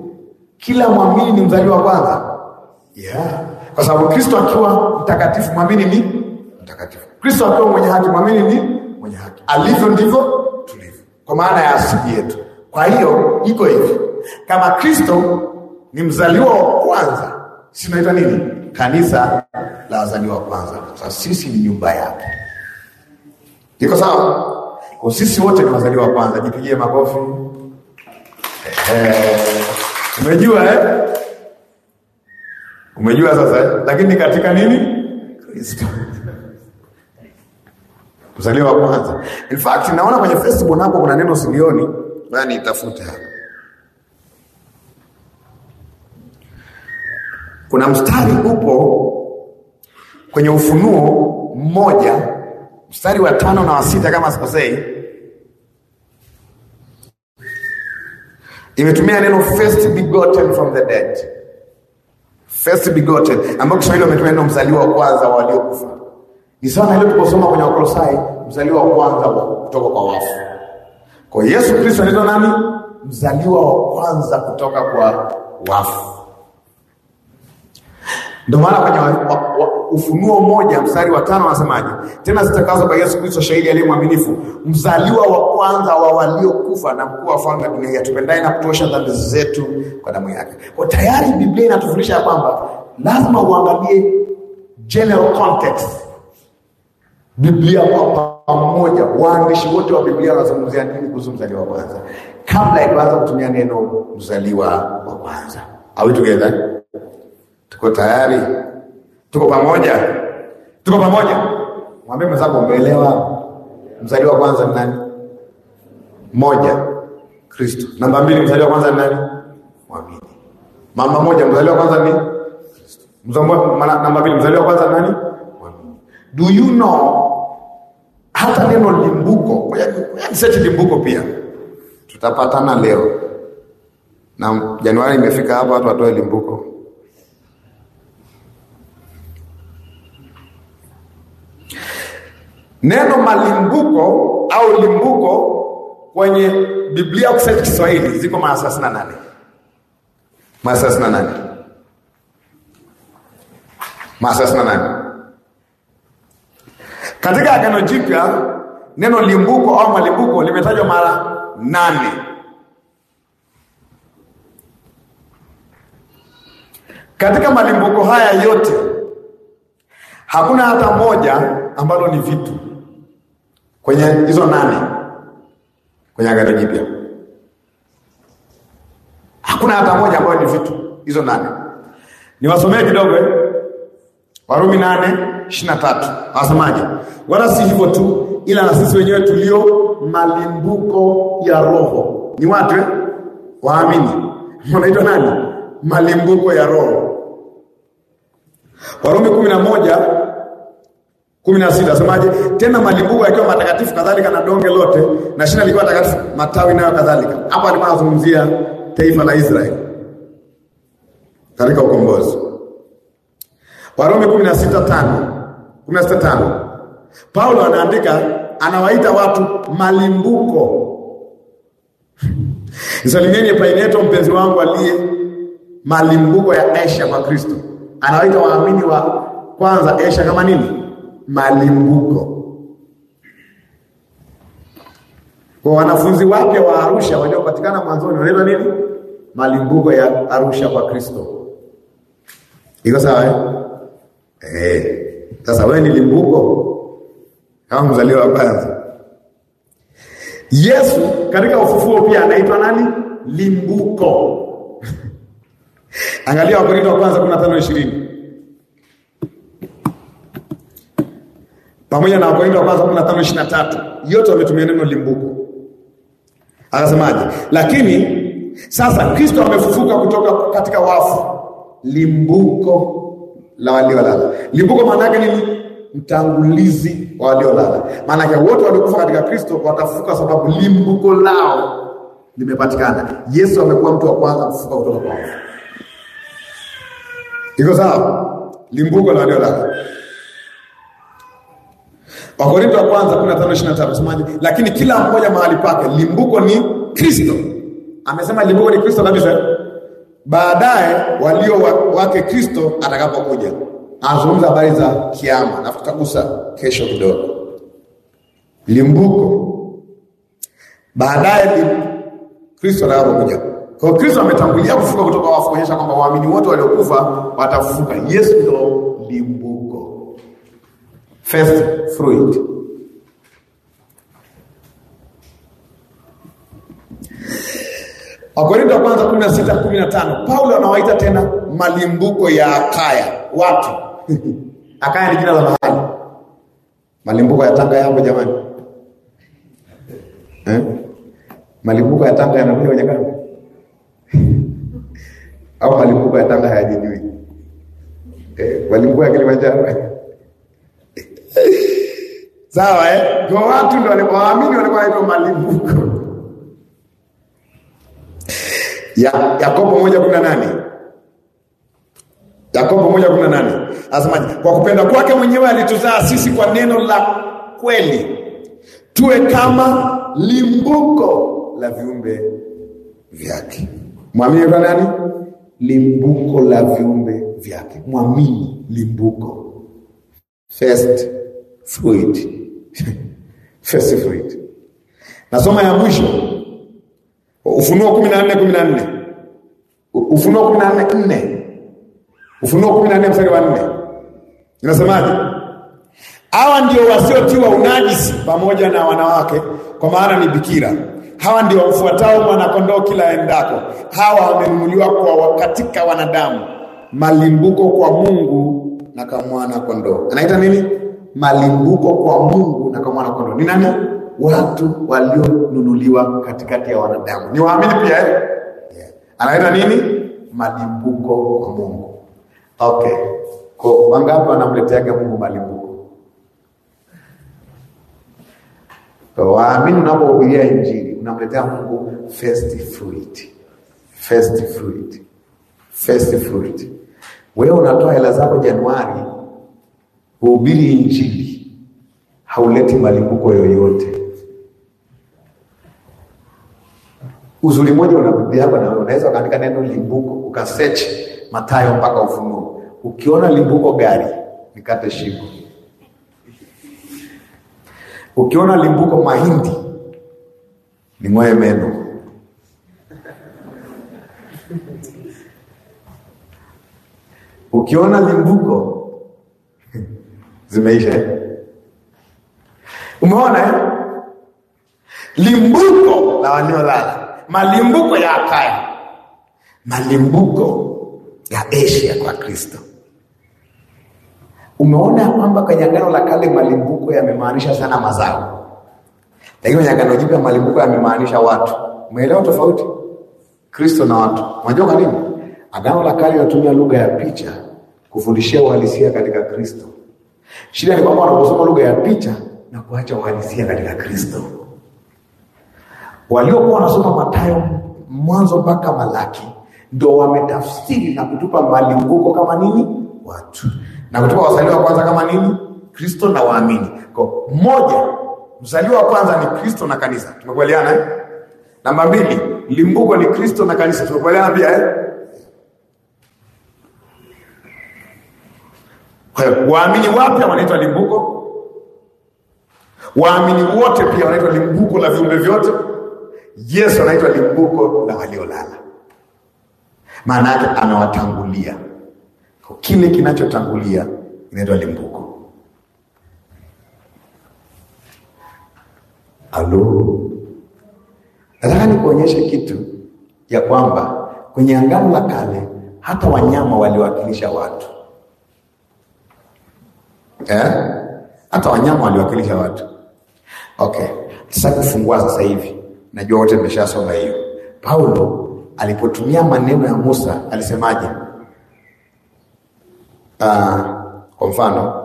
Speaker 1: kila mwamini ni mzaliwa wa kwanza yeah. Kwa sababu Kristo akiwa mtakatifu, mwamini ni mtakatifu. Kristo akiwa mwenye haki, mwamini ni mwenye haki, alivyo ndivyo tulivyo, kwa maana ya asili yetu. Kwa hiyo iko hivi, kama Kristo ni mzaliwa wa kwanza, sinaita nini? Kanisa la wazaliwa wa kwanza. Sasa sisi ni nyumba yake, iko sawa? Kwa sisi wote ni wazaliwa wa kwanza, jipigie makofi. Eh, umejua eh? Umejua sasa, eh? lakini katika nini Kristo mzaliwa wa kwanza. In fact naona kwenye Facebook nako kuna neno silioni, yani itafute hapa. Kuna mstari upo kwenye Ufunuo mmoja mstari wa tano na wa sita kama sikosei, imetumia neno first begotten from the dead, first begotten, ambayo Kiswahili wametumia neno mzaliwa wa kwanza waliokufa ni sana ile tuliposoma kwenye Wakolosai, mzaliwa wa kwanza kutoka kwa wafu. Kwa Yesu Kristo anaitwa nani? Mzaliwa wa kwanza kutoka kwa wafu. Ndio maana kwenye wa, wa, Ufunuo moja mstari wa tano anasemaje? Tena zitakazwa kwa Yesu Kristo shahidi aliye mwaminifu, mzaliwa wa kwanza wa waliokufa na mkuu wa falme dunia hii, atupendaye na kutosha dhambi zetu kwa damu yake. Kwa tayari Biblia inatufundisha kwamba lazima uangalie general context Biblia kwa pamoja, waandishi wote wa Biblia wanazungumzia nini kuhusu mzaliwa wa kwanza, kabla ya kuanza kutumia neno mzaliwa wa kwanza. Are we together? Tuko tayari? Tuko pamoja? Tuko pamoja? Mwambie mwenzako, umeelewa? Mzaliwa wa kwanza ni nani? Moja, Kristo. Namba mbili, mzaliwa wa kwanza ni nani? Mwamini. Mama moja, mzaliwa wa kwanza ni Kristo. Namba mbili, mzaliwa wa kwanza ni nani? Mwamini. Do you know hata neno limbuko, search limbuko pia tutapatana leo, na Januari imefika hapa, watu watoe limbuko. Neno malimbuko au limbuko kwenye Biblia kusearch Kiswahili ziko mara thelathini na nane mara thelathini na nane mara thelathini na nane katika Agano Jipya neno limbuko au malimbuko limetajwa mara nane. Katika malimbuko haya yote hakuna hata moja ambalo ni vitu kwenye hizo nane kwenye Agano Jipya, hakuna hata moja ambayo ni vitu. Hizo nane niwasomee kidogo. Eh? Warumi nane ishirini na tatu anasemaje? Wala si hivyo tu, ila na sisi wenyewe tulio malimbuko ya Roho. Ni watu eh? Waamini wanaitwa nani? Malimbuko ya Roho. Warumi kumi na moja kumi na sita asemaje? Tena malimbuko yakiwa matakatifu kadhalika na donge lote na shina likiwa takatifu, matawi nayo kadhalika. Hapa alikuwa anazungumzia taifa la Israeli katika ukombozi Warumi 16:5. 16:5. Paulo anaandika anawaita watu malimbuko. Nisalimieni Epaineto mpenzi wangu aliye malimbuko ya Asia kwa Kristo. Anawaita waamini wa kwanza Asia kama nini? Malimbuko. Kwa wanafunzi wake wa Arusha waliopatikana mwanzoni wanaitwa nini? Malimbuko ya Arusha kwa Kristo. Iko sawa eh? Eh, sasa wewe ni limbuko kama mzaliwa wa kwanza. Yesu katika ufufuo pia anaitwa nani? Limbuko. Angalia Wakorintho wa kwanza 15:20. Pamoja na Wakorintho wa kwanza 15:23. Yote wametumia neno limbuko. Anasemaje? Lakini sasa Kristo amefufuka kutoka katika wafu, limbuko la waliolala. Lipuko maana yake nini? Mtangulizi wa waliolala. Maana yake wote waliokufa katika Kristo watafufuka, sababu limbuko lao limepatikana. Yesu amekuwa mtu wa kwanza kufufuka kutoka kwa wafu. Iko sawa? Limbuko la waliolala. Wakorinto wa kwanza 15:25 semaje? Lakini kila mmoja mahali pake, limbuko ni Kristo. Amesema limbuko ni Kristo kabisa. Eh? baadaye walio wake Kristo atakapokuja. Anazungumza habari za kiama, na tutagusa kesho kidogo limbuko, baadaye Kristo atakapokuja. Kwa Kristo ametangulia kufuka kutoka wafu kuonyesha kwamba waamini wote waliokufa watafufuka. Yesu ndio limbuko, first fruit wakorinto wa kwanza 16 15 Paulo anawaita tena malimbuko ya Akaya watu Akaya
Speaker 2: ni jina la mahali
Speaker 1: malimbuko ya Tanga yapo jamani eh? malimbuko ya Tanga yanakuja kwenye kanda au malimbuko ya Tanga hayajijui eh, malimbuko ya Kilimanjaro sawa eh? kwa watu ndio walikuwa waamini walikuwa hivyo malimbuko ya Yakobo moja kumi na nane Yakobo moja kumi na nane Kwa kupenda kwake mwenyewe alituzaa sisi kwa neno la kweli, tuwe kama limbuko la viumbe vyake. Mwamini kwa nani? Limbuko la viumbe vyake, mwamini limbuko, first fruit. First fruit. Nasoma ya mwisho Ufunuo kumi na nne kumi na nne Ufunuo kumi na nne Ufunuo kumi na nne mstari wa nne inasemaje? Hawa ndio wasiotiwa unajisi pamoja na wanawake, kwa maana ni bikira. Hawa ndio wamfuatao mwanakondoo kila endako. Hawa wamenunuliwa kwa katika wanadamu, malimbuko kwa Mungu na kwa mwana kondoo. Anaita nini? Malimbuko kwa Mungu na kwa mwana kondoo ni nani? watu walionunuliwa katikati ya wanadamu ni waamini pia eh? Yeah. Anaita nini malimbuko wa Mungu. Okay, kwa wangapi wanamleteaga Mungu malimbuko? Waamini, unapohubiria Injili unamletea Mungu first fruit, first fruit, first fruit. Wewe unatoa hela zako Januari, huubiri Injili, hauleti malimbuko yoyote. Uzuri mmoja unabidi hapa na unaweza ukaandika neno limbuko ukasearch Mathayo mpaka Ufunuo. Ukiona limbuko gari, nikate shingo. Ukiona limbuko mahindi, ning'oe meno. Ukiona limbuko zimeisha. Eh? Umeona eh? Limbuko la waliolala malimbuko ya Akaya, malimbuko ya Asia kwa Kristo. Umeona kwamba kwenye Agano la Kale malimbuko yamemaanisha sana mazao, lakini kwenye Agano Jipya malimbuko yamemaanisha watu. Umeelewa tofauti Kristo na watu? Unajua kwa nini Agano la Kale inatumia lugha ya picha kufundishia uhalisia katika Kristo? Shida ni kwamba wanaposoma lugha ya picha na kuacha uhalisia katika Kristo waliokuwa wanasoma Mathayo mwanzo mpaka Malaki ndo wametafsiri na kutupa malimbuko kama nini watu na kutupa wazaliwa wa kwanza kama nini Kristo na waamini. Kwa moja, mzaliwa wa kwanza ni Kristo na kanisa, tumekubaliana eh? Namba mbili, limbuko ni Kristo na kanisa, tumekubaliana pia eh? waamini wapya wanaitwa limbuko, waamini wote pia wanaitwa limbuko la viumbe vyote Yesu anaitwa limbuko la waliolala, maana yake anawatangulia. Kile kinachotangulia inaitwa limbuko. Alo, nataka nikuonyeshe kitu ya kwamba kwenye Agano la Kale hata wanyama waliwakilisha watu eh? hata wanyama waliwakilisha watu. Okay, sasa kufungua sasa hivi najua wote mmeshasoma hiyo. Paulo alipotumia maneno ya Musa alisemaje? Uh, kwa mfano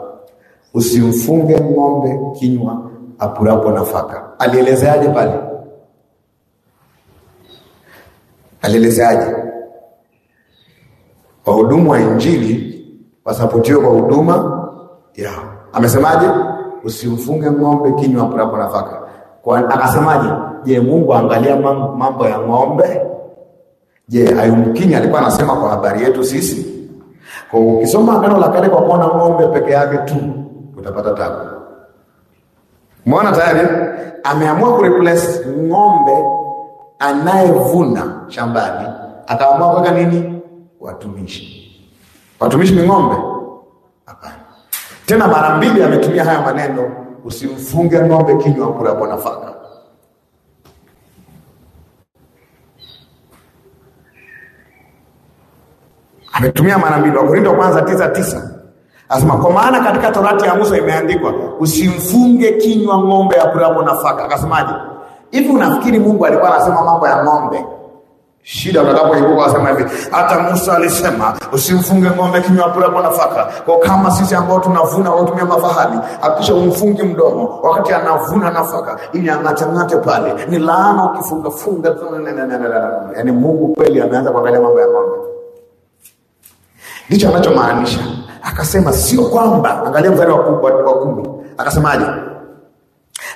Speaker 1: usimfunge ng'ombe kinywa apurapo nafaka. Alielezeaje pale? Alielezeaje? Wahudumu wa Injili wasapotiwe kwa huduma yao. Amesemaje? Usimfunge ng'ombe kinywa apurapo nafaka. akasemaje? Je, Mungu angalia mambo ya ng'ombe? Je, hayumkini alikuwa anasema kwa habari yetu sisi? Kwa ukisoma Agano la Kale kwa kuona ng'ombe peke yake tu utapata tabu. Umeona tayari ameamua kureplace ng'ombe anayevuna shambani, akaamua kuweka nini? Watumishi. Watumishi ni ng'ombe? Hapana. Tena mara mbili ametumia haya maneno, usimfunge ng'ombe kinywa kula nafaka ametumia mara mbili. Wakorintho wa kwanza tisa tisa asema kwa maana katika torati ya Musa imeandikwa usimfunge kinywa ng'ombe ya kurabu nafaka. Akasemaje? Hivi unafikiri Mungu alikuwa anasema mambo ya ng'ombe?
Speaker 2: Shida utakapoibuka asema hivi, hata
Speaker 1: Musa alisema usimfunge ng'ombe kinywa apurapo nafaka. Kwa kama sisi ambao tunavuna kwa kutumia mafahali, hakisha umfungi mdomo wakati anavuna nafaka ili angatangate pale, ni laana ukifungafunga. Yaani Mungu kweli ameanza kuangalia mambo ya ng'ombe ndicho anachomaanisha. Akasema sio kwamba, angalia mstari wa kumi, akasemaje?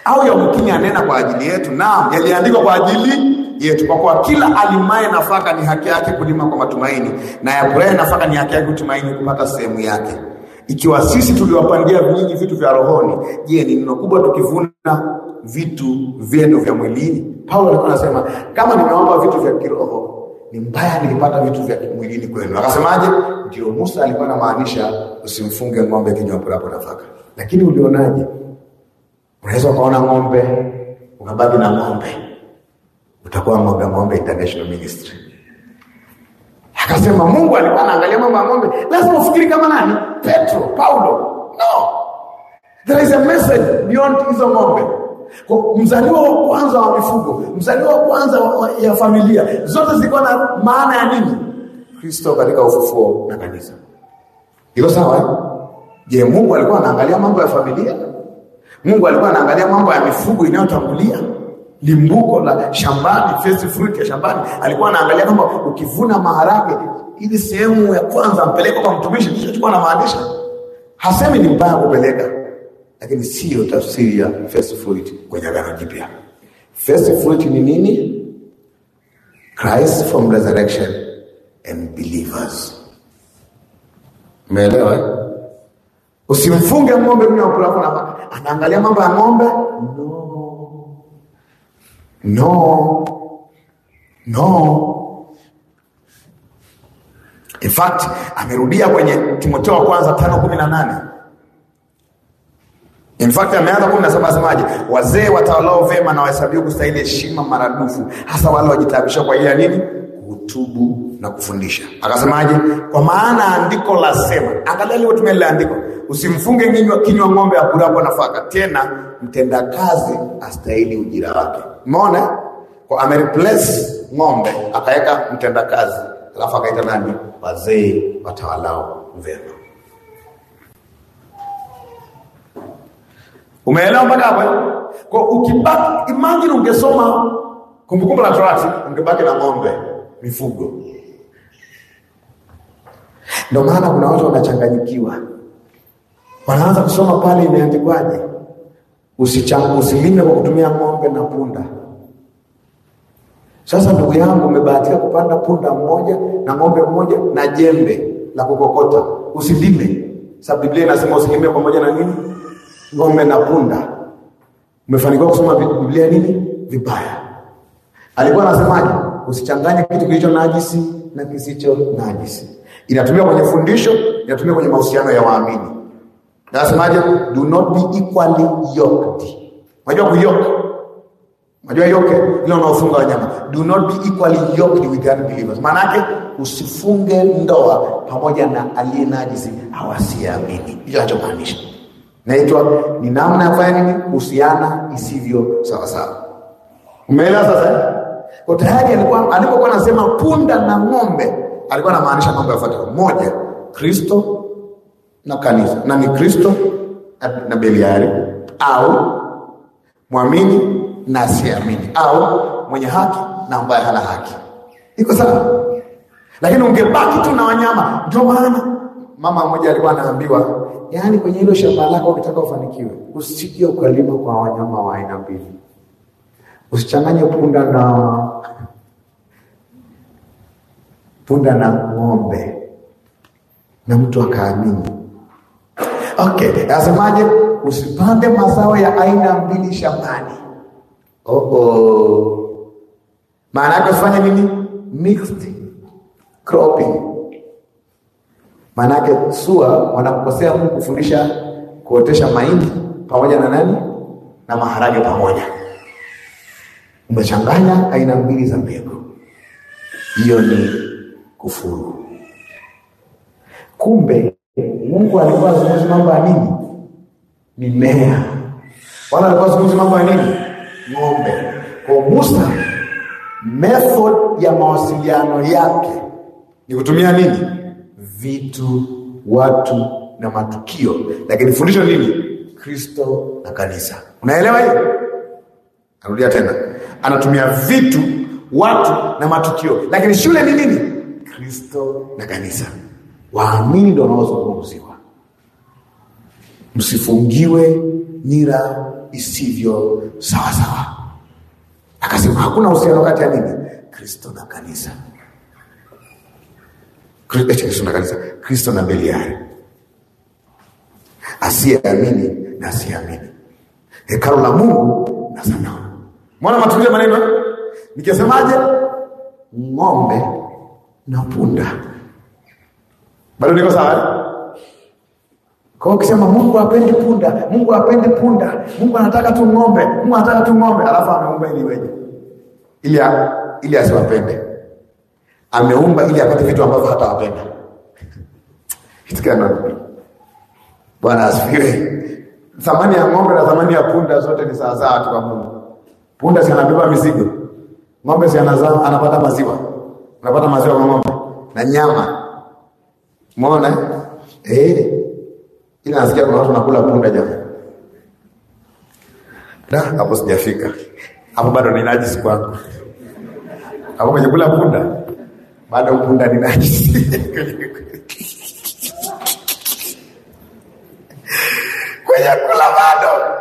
Speaker 1: Au yamkini anena kwa ajili yetu, naam, yaliandikwa kwa ajili yetu, kwa kuwa kila alimaye nafaka ni haki yake kulima kwa matumaini, na yapuraye nafaka ni haki yake kutumaini kupata sehemu yake. Ikiwa sisi tuliwapandia nyinyi vitu vya rohoni, je, ni neno kubwa tukivuna vitu vyenu vya mwilini? Paulo alikuwa anasema kama nimeomba vitu vya kiroho ni mbaya nikipata vitu vya mwilini kwenu. Akasemaje? Ndio Musa alikuwa anamaanisha usimfunge ng'ombe kinywa hapo nafaka. Lakini ulionaje? Unaweza ukaona ng'ombe ukabaki na ng'ombe, utakuwa mwaga ng'ombe international ministry. Akasema Mungu alikuwa anaangalia mambo ya ng'ombe, lazima ufikiri kama nani? Petro, Paulo. No, there is a message beyond hizo ng'ombe. Kwa mzaliwa wa kwanza wa mifugo, mzaliwa wa kwanza ya familia, zote zilikuwa na maana ya nini? Kristo katika ufufuo na kanisa. Iko sawa? Eh? Je, Mungu alikuwa anaangalia mambo ya familia? Mungu alikuwa anaangalia mambo ya mifugo inayotangulia limbuko la shambani, first fruit ya shambani. Alikuwa anaangalia kwamba ukivuna maharage, ili sehemu ya kwanza mpeleke kwa mtumishi, kisha chukua na maandisha. Hasemi ni mbaya kupeleka lakini siyo tafsiri ya first fruit kwenye Agano Jipya. First fruit ni nini? Christ from resurrection and believers. Umeelewa? Eh? Usimfunge ng'ombe mwenye mnakula, anaangalia mambo ya ng'ombe.
Speaker 2: No, no, no.
Speaker 1: In fact, amerudia kwenye Timotheo wa kwanza tano In fact ameanza kumi na saba asemaje? Wazee watawalao vema na wahesabiwa kustahili heshima maradufu, hasa wale wajitaabisha kwa ajili ya nini? Kuhutubu na kufundisha. Akasemaje? Kwa maana andiko la sema, angalia tumia lile andiko, usimfunge kinywa kinywa ng'ombe akurapo nafaka, tena mtendakazi astahili ujira wake. Umeona? Kwa ng'ombe akaweka mtendakazi, alafu akaita nani? Wazee watawalao vema. Umeelewa mpaka hapo? Eh? Kwa ukibaki, imagine ungesoma Kumbukumbu la Torati ungebaki na ng'ombe, mifugo. Ndio maana kuna watu wanachanganyikiwa, wanaanza kusoma pale imeandikwaje, usichangu usilime kwa kutumia ng'ombe na punda. Sasa ndugu yangu, umebahatika kupanda punda mmoja na ng'ombe mmoja na jembe la kukokota, usilime. Sababu Biblia inasema usilime pamoja na nini ng'ombe na punda, umefanikiwa kusoma Biblia nini vibaya. Alikuwa anasemaje? Usichanganye kitu kilicho najisi na kisicho najisi. Inatumia kwenye fundisho, inatumia kwenye mahusiano ya waamini. Nasemaje? do not be equally yoked. Unajua kuyoke? Unajua yoke ile unaofunga wanyama. Do not be equally yoked with unbelievers. Maana yake usifunge ndoa pamoja na aliye najisi hawasiamini. Hiyo anachomaanisha. Naitwa ni namna ya kufanya nini kuhusiana isivyo sawa sawa. Umeelewa sasa? Eh? Kwa tayari alikuwa alipokuwa anasema punda na ng'ombe, alikuwa anamaanisha mambo yafuatayo: moja, Kristo na kanisa na kristo na Beliari, au mwamini na asiamini, au mwenye haki na ambaye hana haki. Iko sawa, lakini ungebaki tu na wanyama. Ndio maana mama mmoja alikuwa anaambiwa Yaani kwenye hilo shamba lako ukitaka ufanikiwe, usije ukalima kwa wanyama wa aina mbili. Usichanganye punda na punda na ng'ombe, na mtu akaamini. Okay, nasemaje? Usipande mazao ya aina mbili shambani. Oh oh, maana yake usifanye nini? Mixed cropping Maanake sua wanakukosea Mungu kufundisha kuotesha mahindi pamoja na nani na maharage pamoja, umechanganya aina mbili za mbegu. Hiyo ni kufuru. Kumbe Mungu alikuwa azungumzi mambo ya nini? Mimea. Wala alikuwa azungumzi mambo ya nini? Ng'ombe. Kwa Musa, method ya mawasiliano yake ni kutumia nini? vitu, watu na matukio, lakini fundisho nini? Kristo na kanisa. Unaelewa hiyo? Narudia tena, anatumia vitu, watu na matukio, lakini shule ni nini? Kristo na kanisa. Waamini ndo wanaozungumziwa. Msifungiwe nira isivyo sawasawa. Akasema hakuna uhusiano kati ya nini? Kristo na kanisa. Yesu na kanisa, Kristo na Beliari, asiyeamini na asiyeamini, hekalu la Mungu na sanamu. Mwana matukio maneno nikisemaje? Ng'ombe na punda, bado niko sawa? Eh? Kwa ukisema Mungu apendi punda, Mungu apendi punda, Mungu anataka tu ng'ombe, Mungu anataka tu ng'ombe, alafu ameumba ili weje, ili asiwapende ameumba ili apate vitu ambavyo hata wapenda Bwana asifiwe. Thamani ya ng'ombe na thamani ya punda zote ni sawa sawa tu kwa Mungu. Punda si anabeba mizigo, ng'ombe si anazaa, anapata maziwa, anapata maziwa kwa ng'ombe na nyama. Umeona eh? Ila nasikia kuna watu nakula punda jana. Na hapo sijafika hapo, bado ni najisi kwangu hapo kwenye kula punda maana upunda ni najisi kwenye kula bado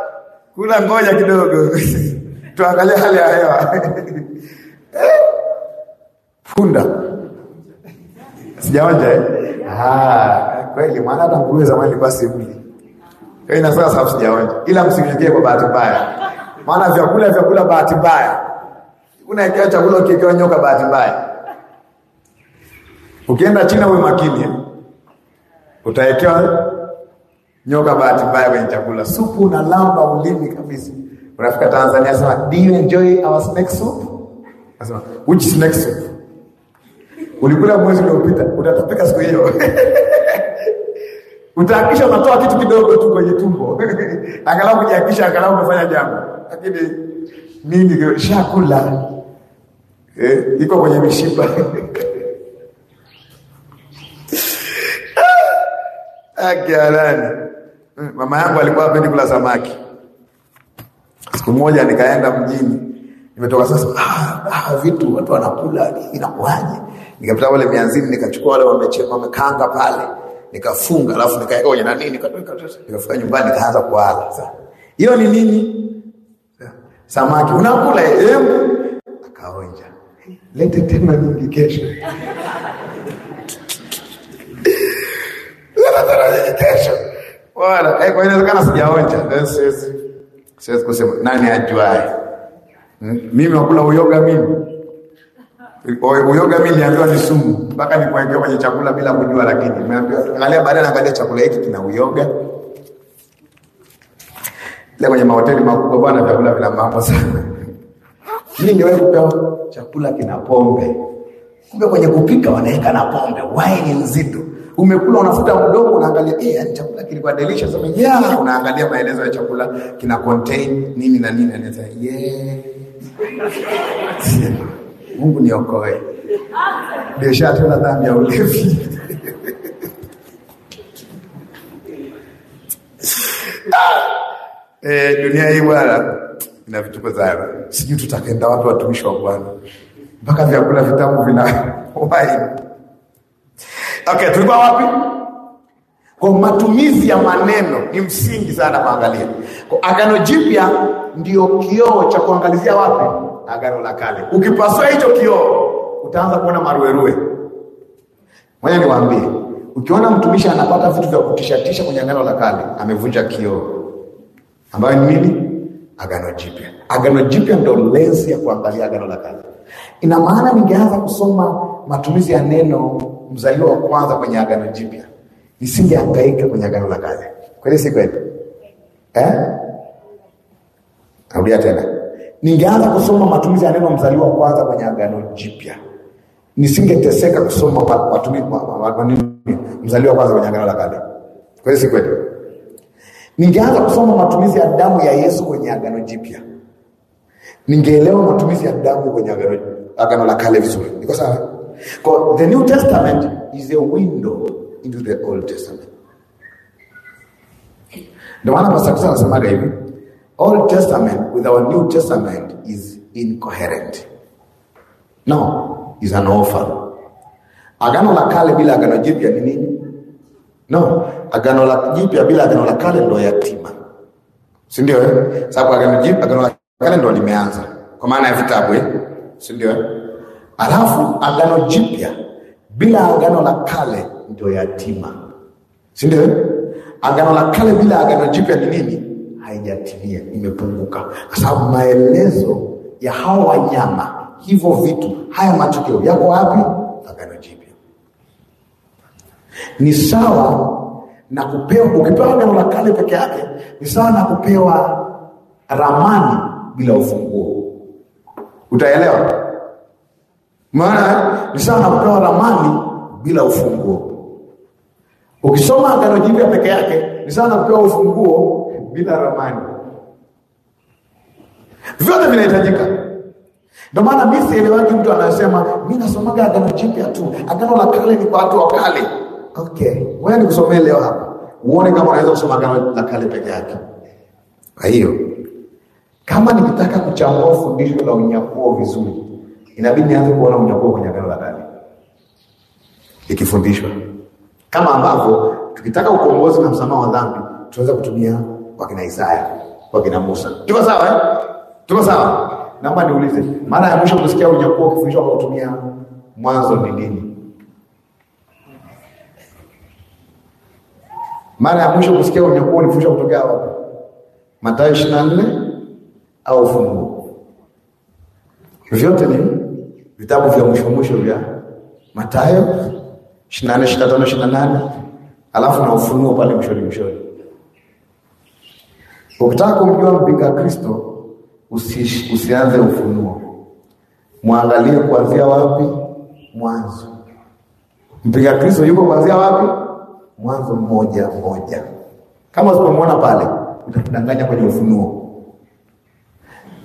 Speaker 1: kula, ngoja kidogo tuangalie hali ya hewa punda sijaonja eh? Kweli maana hata nguruwe zamani basi mli kwa ina sasa sijaonja, ila msinyekee kwa bahati mbaya, maana vyakula vyakula bahati mbaya, unaekewa chakula ukiwekewa nyoka bahati mbaya Ukienda China uwe makini, eh? utaekewa nyoka bahati mbaya kwenye chakula, supu na lamba ulimi kabisa. Unafika Tanzania sema, do you enjoy our snake soup? Nasema which snake soup? Ulikula mwezi uliopita, utatapika siku hiyo utahakisha unatoa kitu kidogo tu kwenye tumbo angalau kujihakisha, angalau umefanya jambo, lakini nini shakula eh, iko kwenye mishipa akialani. Mama yangu alikuwa apendi kula samaki. Siku moja nikaenda mjini, nimetoka sasa, ah, ah, vitu watu wanakula inakuaje? Nikapita wale mianzini, nikachukua wale wamechema wamekanga pale, nikafunga, alafu nikaweka kwenye nani, nikafika nyumbani, nikaanza kuala. Sasa hiyo ni nini? Samaki unakula? Hebu akaonja, lete tena nyingi kesho kesho. Bora, eh, kwa inawezekana sijaonja. Siwezi siwezi kusema nani ajuae. Hmm? Mimi wakula uyoga mimi. Uyoga mimi niliambiwa ni sumu mpaka nikuangia kwenye chakula bila kujua, lakini nimeambiwa angalia, baadaye naangalia chakula hiki kina uyoga. Ile kwenye mahoteli makubwa bwana, vyakula vina mambo sana. Mimi ningewahi kupewa chakula kina pombe, kumbe kwenye kupika wanaweka na pombe, wine nzito Umekula unafuta mdomo, unaangalia eh, yaani chakula kilikuwa delicious sana yeah. Unaangalia maelezo ya chakula kina contain nini na nini, anaweza yeah. Mungu niokoe, nimeshatenda dhambi ya
Speaker 2: ulevi
Speaker 1: Eh, dunia hii bwana ina vituko sana, sijui tutakaenda watu watumishi wa Bwana mpaka vyakula vitamu vina Okay, tulikuwa wapi? Kwa matumizi ya maneno ni msingi sana kuangalia. Kwa agano jipya ndio kioo cha kuangalizia wapi? Agano la kale. Ukipasua hicho kioo utaanza kuona maruerue. moja niwaambie, ukiona mtumishi anapata vitu vya kutishatisha kwenye agano la kale, amevunja kioo ambayo ni nini? Agano jipya. Agano jipya ndio lensi ya kuangalia agano la kale.
Speaker 2: Ina maana ningeanza
Speaker 1: kusoma matumizi ya neno mzaliwa wa kwanza kwenye Agano Jipya isingehangaika kwenye Agano la Kale. Kweli si kweli? Eh? Rudia tena. Ningeanza kusoma matumizi ya neno mzaliwa wa kwanza kwenye Agano Jipya, nisingeteseka kusoma matumizi mzaliwa wa kwanza kwenye Agano la Kale. Kweli si kweli? Ningeanza kusoma matumizi ya damu ya Yesu kwenye Agano Jipya, ningeelewa matumizi ya damu kwenye Agano, agano la Kale vizuri. Niko sawa? the New Testament is a window into the Old Testament. Ndio maana Pastor anasemaga hivi, Old Testament with our New Testament is incoherent. No, is an offer. Agano la kale bila agano jipya ni nini? No, agano la jipya bila agano la kale ndo yatima, si ndio? Eh, sababu agano jipya agano la kale ndo limeanza kwa maana ya vitabu eh, si ndio? Eh? Alafu agano jipya bila agano la kale ndio yatima, si ndio? Eh? Agano la kale bila agano jipya ni nini? Haijatimia, imepunguka, kwa sababu maelezo ya hao wanyama, hivyo vitu, haya matokeo yako wapi? Agano jipya ni sawa na kupewa. Ukipewa agano la kale peke yake ni sawa na kupewa ramani bila ufunguo, utaelewa maana ni sawa na kupewa ramani bila ufunguo.
Speaker 2: Ukisoma Agano Jipya peke
Speaker 1: yake ni sawa na kupewa ufunguo bila ramani. Vyote vinahitajika. Ndio maana mimi sielewaki mtu anasema mimi nasomaga Agano Jipya tu, Agano la Kale ni kwa watu wa kale. Okay, wewe nikusomee leo hapa uone kama unaweza kusoma Agano la Kale peke yake. Kwa hiyo kama nikitaka kuchambua fundisho la unyakuo vizuri inabidi nianze kuona unyakuo kwenye agano la kale ikifundishwa, kama ambavyo tukitaka ukombozi na msamaha wa dhambi tunaweza kutumia wakina Isaya, wakina Musa. Tuko sawa eh? Tuko sawa. Naomba niulize, mara ya mwisho kusikia unyakuo ukifundishwa kwa kutumia Mwanzo ni nini? Mara ya mwisho kusikia unyakuo ulifundishwa kutokea wapi? Mathayo 24 au Ufunuo? Vyote ni vitabu vya mwisho mwisho vya Mathayo 24, 25, 28 alafu na Ufunuo pale mwishoni mwishoni. Ukitaka kumjua mpinga Kristo usianze Ufunuo, mwangalie kuanzia wapi? Mwanzo. Mpinga Kristo yuko kuanzia wapi? Mwanzo mmoja mmoja. Kama usipomwona pale utakudanganya kwenye Ufunuo.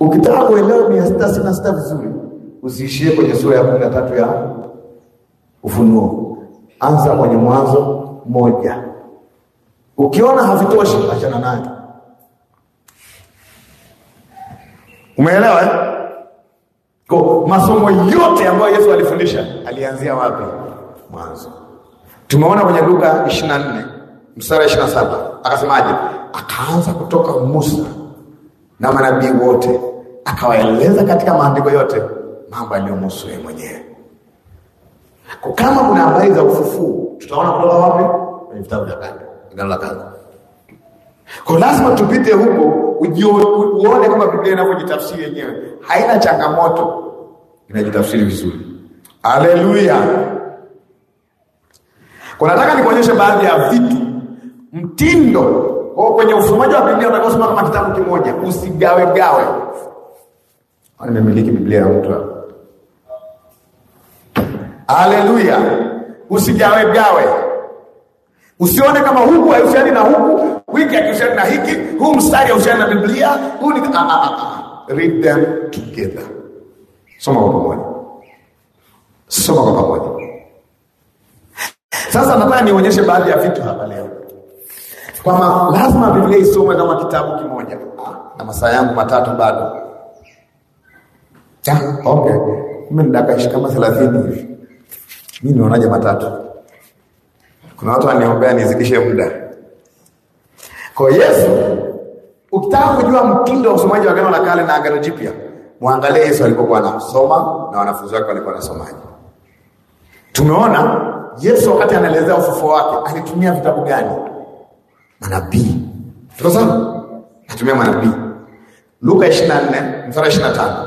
Speaker 1: Ukitaka kuelewa mia sita sitini na sita vizuri usiishie kwenye sura ya kumi na tatu ya Ufunuo, anza kwenye Mwanzo moja. Ukiona havitoshi achana nayo. Umeelewa eh? masomo yote ambayo Yesu alifundisha alianzia wapi? Mwanzo. Tumeona kwenye Luka 24 mstari 27 akasemaje? Akaanza kutoka Musa na manabii wote akawaeleza katika maandiko yote mambo yaliyomhusu yeye mwenyewe. Kwa kama kuna habari za ufufuo tutaona kutoka wapi? Kwenye vitabu vya kale, Agano la Kale. Kwa lazima tupite huko uone kama Biblia inavyojitafsiri yenyewe, haina changamoto, inajitafsiri vizuri. Haleluya! Kwa nataka nikuonyeshe baadhi ya vitu mtindo kwa kwenye ufumaji wa Biblia utakao soma kama kitabu kimoja, usigawe usigawegawe. Nimemiliki Biblia ya mtu hapa Haleluya! Usigawegawe, usione kama huku haihusiani na huku, wiki hakihusiani na hiki, huu mstari hauhusiani na Biblia, huu ni ah, ah, ah, ah. Read them together, soma kwa pamoja, soma kwa pamoja. Sasa nataka nionyeshe baadhi ya vitu hapa leo kwamba lazima Biblia isome kama kitabu kimoja, ah, na masaa yangu matatu bado. Ja, ah, okay, mimi ni dakika kama 30 hivi mimi nimeonaje matatu? Kuna watu waniombea nizidishe muda. Kwa Yesu, ukitaka kujua mtindo wa usomaji wa Agano la Kale na Agano Jipya, mwangalie Yesu alipokuwa anasoma na wanafunzi wake walikuwa wanasomaje. Tumeona Yesu wakati anaelezea ufufuo wake alitumia vitabu gani? Manabii. Tuko sawa? Alitumia manabii. Luka 24 mstari 25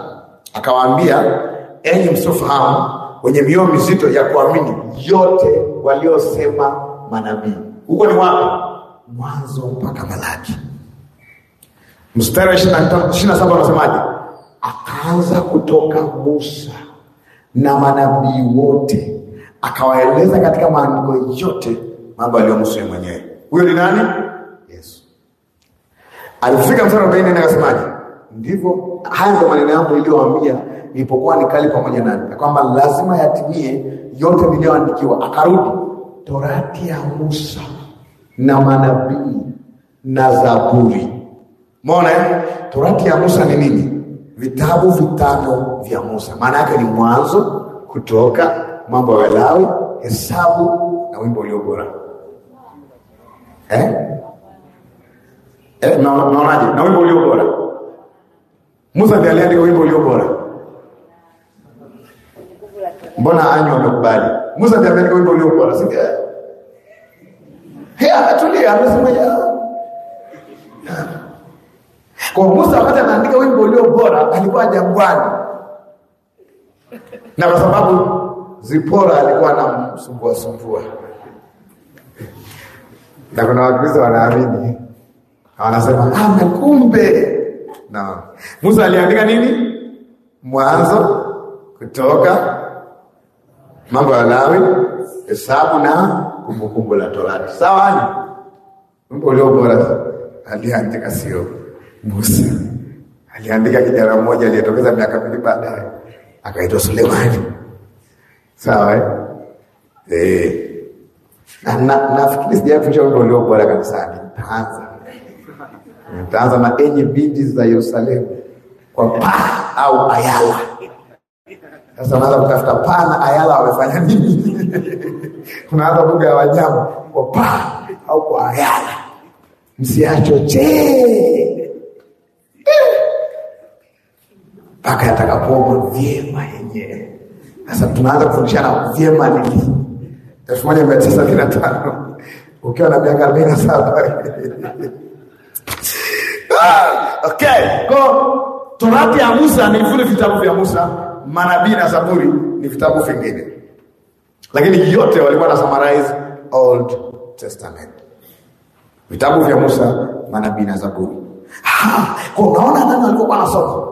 Speaker 1: akawaambia, enyi msiofahamu wenye mioyo mizito ya kuamini yote waliosema manabii. Huko ni wapi? Mwanzo mpaka Malaki. Mstari wa ishirini na saba unasemaje? Akaanza kutoka Musa na manabii wote, akawaeleza katika maandiko yote mambo aliyomusia mwenyewe. Huyo ni nani? Yesu. Alifika mstari wa arobaini akasemaje? Ndivyo haya ndo maneno yangu iliyoamia ilipokuwa kali pamoja na kwamba lazima yatimie yote niliyoandikiwa. Akarudi Torati ya Musa na manabii na Zaburi. Mona eh? Torati ya Musa ni nini? Vitabu vitano vya Musa, maana yake ni Mwanzo, Kutoka, Mambo ya Walawi, Hesabu na Wimbo ulio bora eh? Eh, naonaje? Na Wimbo ulio bora Musa ndiye aliandika Wimbo ulio bora mbona anyu amekubali Musa ndiye ameandika wimbo ule uliokuwa Hea hey amesema ya. kwa Musa wakati anaandika wimbo ule bora alikuwa jangwani na kwa sababu Zipora alikuwa na msumbua sumbua na kuna Wakristo wanaamini wanasema ah, kumbe na Musa aliandika nini Mwanzo Kutoka mambo ya Lawi, hesabu na kumbukumbu la Torati. Sawa, mambo ulio bora aliandika, sio Musa. Aliandika kijana mmoja aliyetokeza miaka mingi baadaye akaitwa Sulemani. Sawa eh, na nafikiri sijafundisha mambo ulio bora kanisani. Taanza taanza na enyi binti za Yerusalemu kwa paa au ayala sasa unaanza kutafuta pana ayala wamefanya nini? unaanza lugha ya wanyama kwa pa au kwa ayala, msiachoche mpaka yatakapooma vyema yenyewe. Sasa tunaanza kufundishana vyema nini? elfu moja mia tisa thelathini na tano ukiwa na miaka arobaini na saba ah, Okay, ko Torati ya Musa ni vile vitabu vya Musa manabii na Zaburi ni vitabu vingine, lakini yote walikuwa na summarize Old Testament, vitabu vya Musa, manabii na Zaburi. kwa unaona nani alikuwa anasoma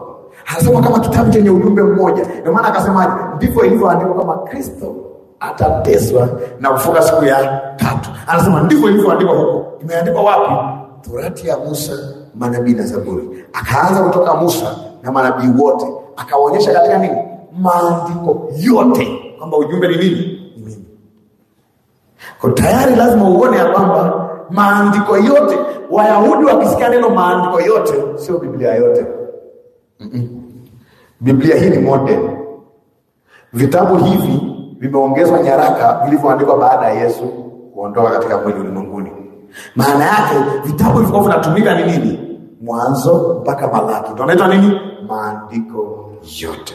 Speaker 1: anasoma kama kitabu chenye ujumbe mmoja. Ndio maana akasemaje, ndivyo ilivyoandikwa kama Kristo atateswa na kufuka siku ya tatu. Anasema ndivyo ilivyoandikwa huko. Imeandikwa wapi? Torati ya Musa, manabii na Zaburi. Akaanza kutoka Musa na manabii wote, akawaonyesha katika nini maandiko yote kwamba ujumbe ni nini, ni mimi. Kwa tayari lazima uone ya kwamba maandiko yote, Wayahudi wakisikia neno maandiko yote, sio Biblia yote mm -mm. Biblia hii ni modern. Vitabu hivi vimeongezwa nyaraka vilivyoandikwa baada ya Yesu kuondoka katika mwili ulimwenguni. Maana yake vitabu vilivyokuwa vinatumika ni nini? Mwanzo mpaka Malaki. Ndio nini? maandiko yote.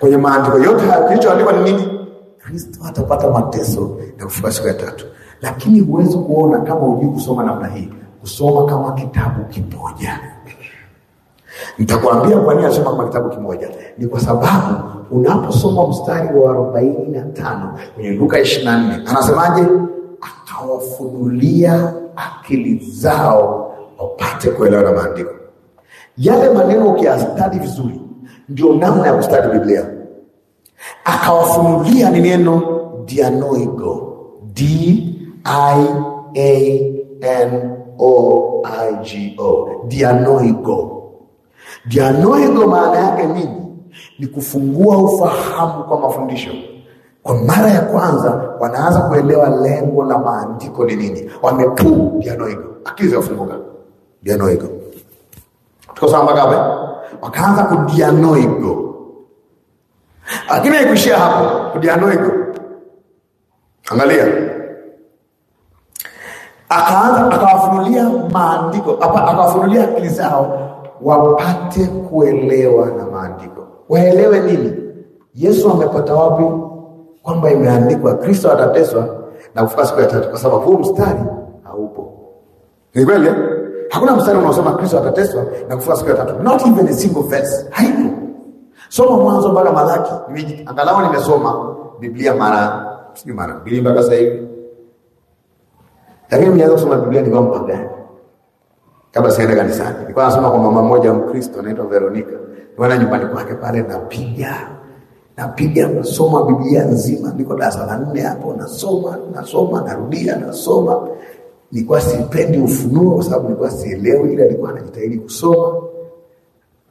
Speaker 1: Kwenye maandiko yote haya kilichoandikwa ni nini? Kristo atapata mateso na kufufuka siku ya tatu. Lakini huwezi kuona kama hujui kusoma namna hii, kusoma kama kitabu kimoja. Nitakwambia kwa nini anasoma kama kitabu kimoja. Ni kwa sababu unaposoma mstari wa arobaini na tano kwenye Luka ishirini na nne anasemaje? Akawafunulia akili zao wapate kuelewa na maandiko. Yale maneno ukiyastadi vizuri, ndio namna ya kustadi Biblia. Akawafunulia ni neno dianoigo, d i a n o i g o, dianoigo. Dianoigo maana yake nini? Ni kufungua ufahamu kwa mafundisho. Kwa mara ya kwanza wanaanza kuelewa lengo la maandiko ni nini. Wamepuu dianoigo, akili zinafunguka dianoigo tuko sawa mpaka hapa wakaanza kudianoigo lakini haikuishia hapo kudianoigo angalia akaanza akawafunulia maandiko akawafunulia akili zao wapate kuelewa na maandiko waelewe nini Yesu amepata wapi kwamba imeandikwa Kristo atateswa na kufuka siku ya tatu, kwa sababu huu mstari haupo. Ni kweli eh? Hakuna mstari unaosema Kristo atateswa na kufuka siku ya tatu, not even a single verse, haipo. Soma Mwanzo mpaka Malaki, angalau nimesoma Biblia mara sijui mara mbili mpaka sasa hivi, lakini mnaweza kusoma Biblia nikiwa mpagani, kabla sienda kanisani. Nilikuwa nasoma kwa mama mmoja Mkristo anaitwa Veronica, nilikuwa nyumbani kwake pale, napiga napiga nasoma Biblia nzima, niko darasa la nne hapo, nasoma nasoma, narudia nasoma nilikuwa sipendi ufunuo kwa sababu nilikuwa sielewi, ila alikuwa anajitahidi kusoma.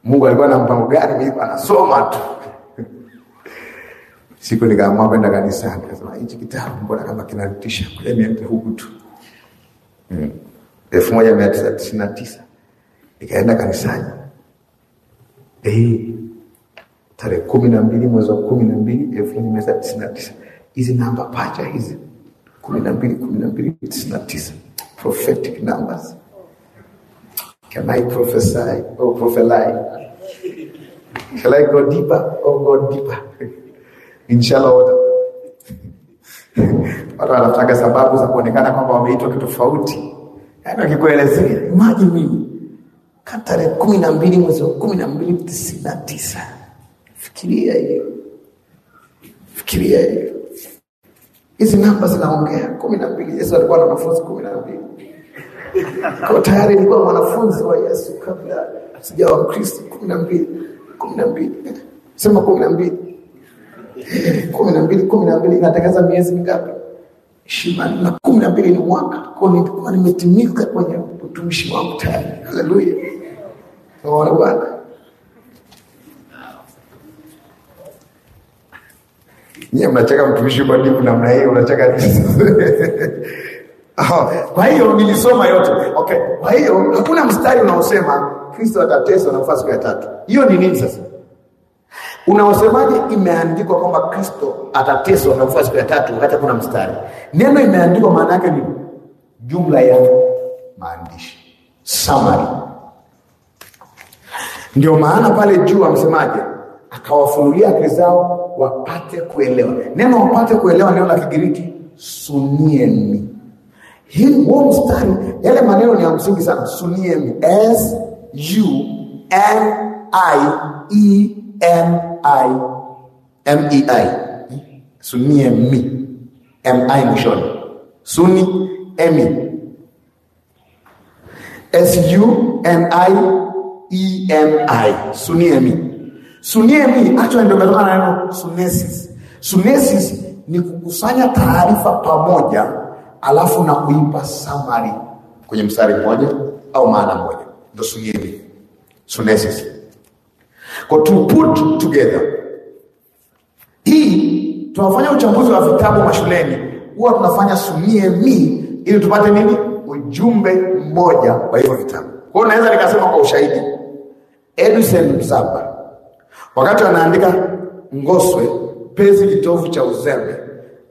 Speaker 1: Mungu alikuwa na mpango gani? Mimi nilikuwa nasoma tu. Siku nikaamua kwenda kanisani, nikasema hichi kitabu mbona kama kinanitisha, kule niende huku tu. Mm. elfu moja mia tisa tisini na tisa nikaenda kanisani eh, tarehe kumi na mbili mwezi wa kumi na mbili elfu moja mia tisa tisini na tisa hizi namba pacha hizi kumi na mbili kumi na mbili tisini na tisa prophetic numbers. Can I prophesy or oh, prophesy? Shall I go deeper or oh, go deeper? Inshallah watu wanataka sababu za kuonekana kwamba wameitwa kitu tofauti. Yaani wakikuelezea maji mimi katare kumi na mbili mwezi wa kumi na mbili tisini na tisa. Fikiria hiyo, fikiria hiyo. Hizi namba zinaongea kumi na mbili. Yesu alikuwa na wanafunzi kumi na mbili kwa tayari nilikuwa mwanafunzi wa Yesu kabla sijawa Kristo. kumi na mbili kumi na mbili sema kumi na mbili kumi na mbili kumi na mbili inatangaza miezi mingapi? ishirini na kumi na mbili ni mwaka kwa nilikuwa nimetimika kwenye utumishi wangu tayari. Haleluya, Bwana Nyie mnacheka mtumishi badiku namna hiyo, unacheka oh, kwa hiyo nilisoma yote okay. Kwa hiyo hakuna mstari unaosema Kristo atateswa na kufa siku ya tatu. Hiyo ni nini sasa? Unaosemaje imeandikwa kwamba Kristo atateswa na kufa siku ya tatu wakati hakuna mstari? Neno imeandikwa maana yake ni jumla ya maandishi, summary. Ndio maana pale juu amsemaje, akawafunulia akili zao wa wapate kuelewa. Neno wapate kuelewa, neno la Kigiriki suniemi. Hii huo mstari, yale maneno ni ya msingi sana. sunieni S U N I E M I M E I, suniemi, M I mwishoni, suni emi S U N I E M I, suniemi Suniemi actually ndio katoka na neno sunesis. Sunesis ni kukusanya taarifa pamoja alafu na kuipa summary kwenye mstari mmoja au maana moja. Ndio suniemi. Sunesis. Kwa to put together. Hii tunafanya uchambuzi wa vitabu mashuleni, huwa tunafanya suniemi ili tupate nini? Ujumbe mmoja wa hivyo vitabu. Kwa hiyo naweza nikasema kwa ushahidi Edison Msamba Wakati anaandika Ngoswe pezi kitovu cha uzembe,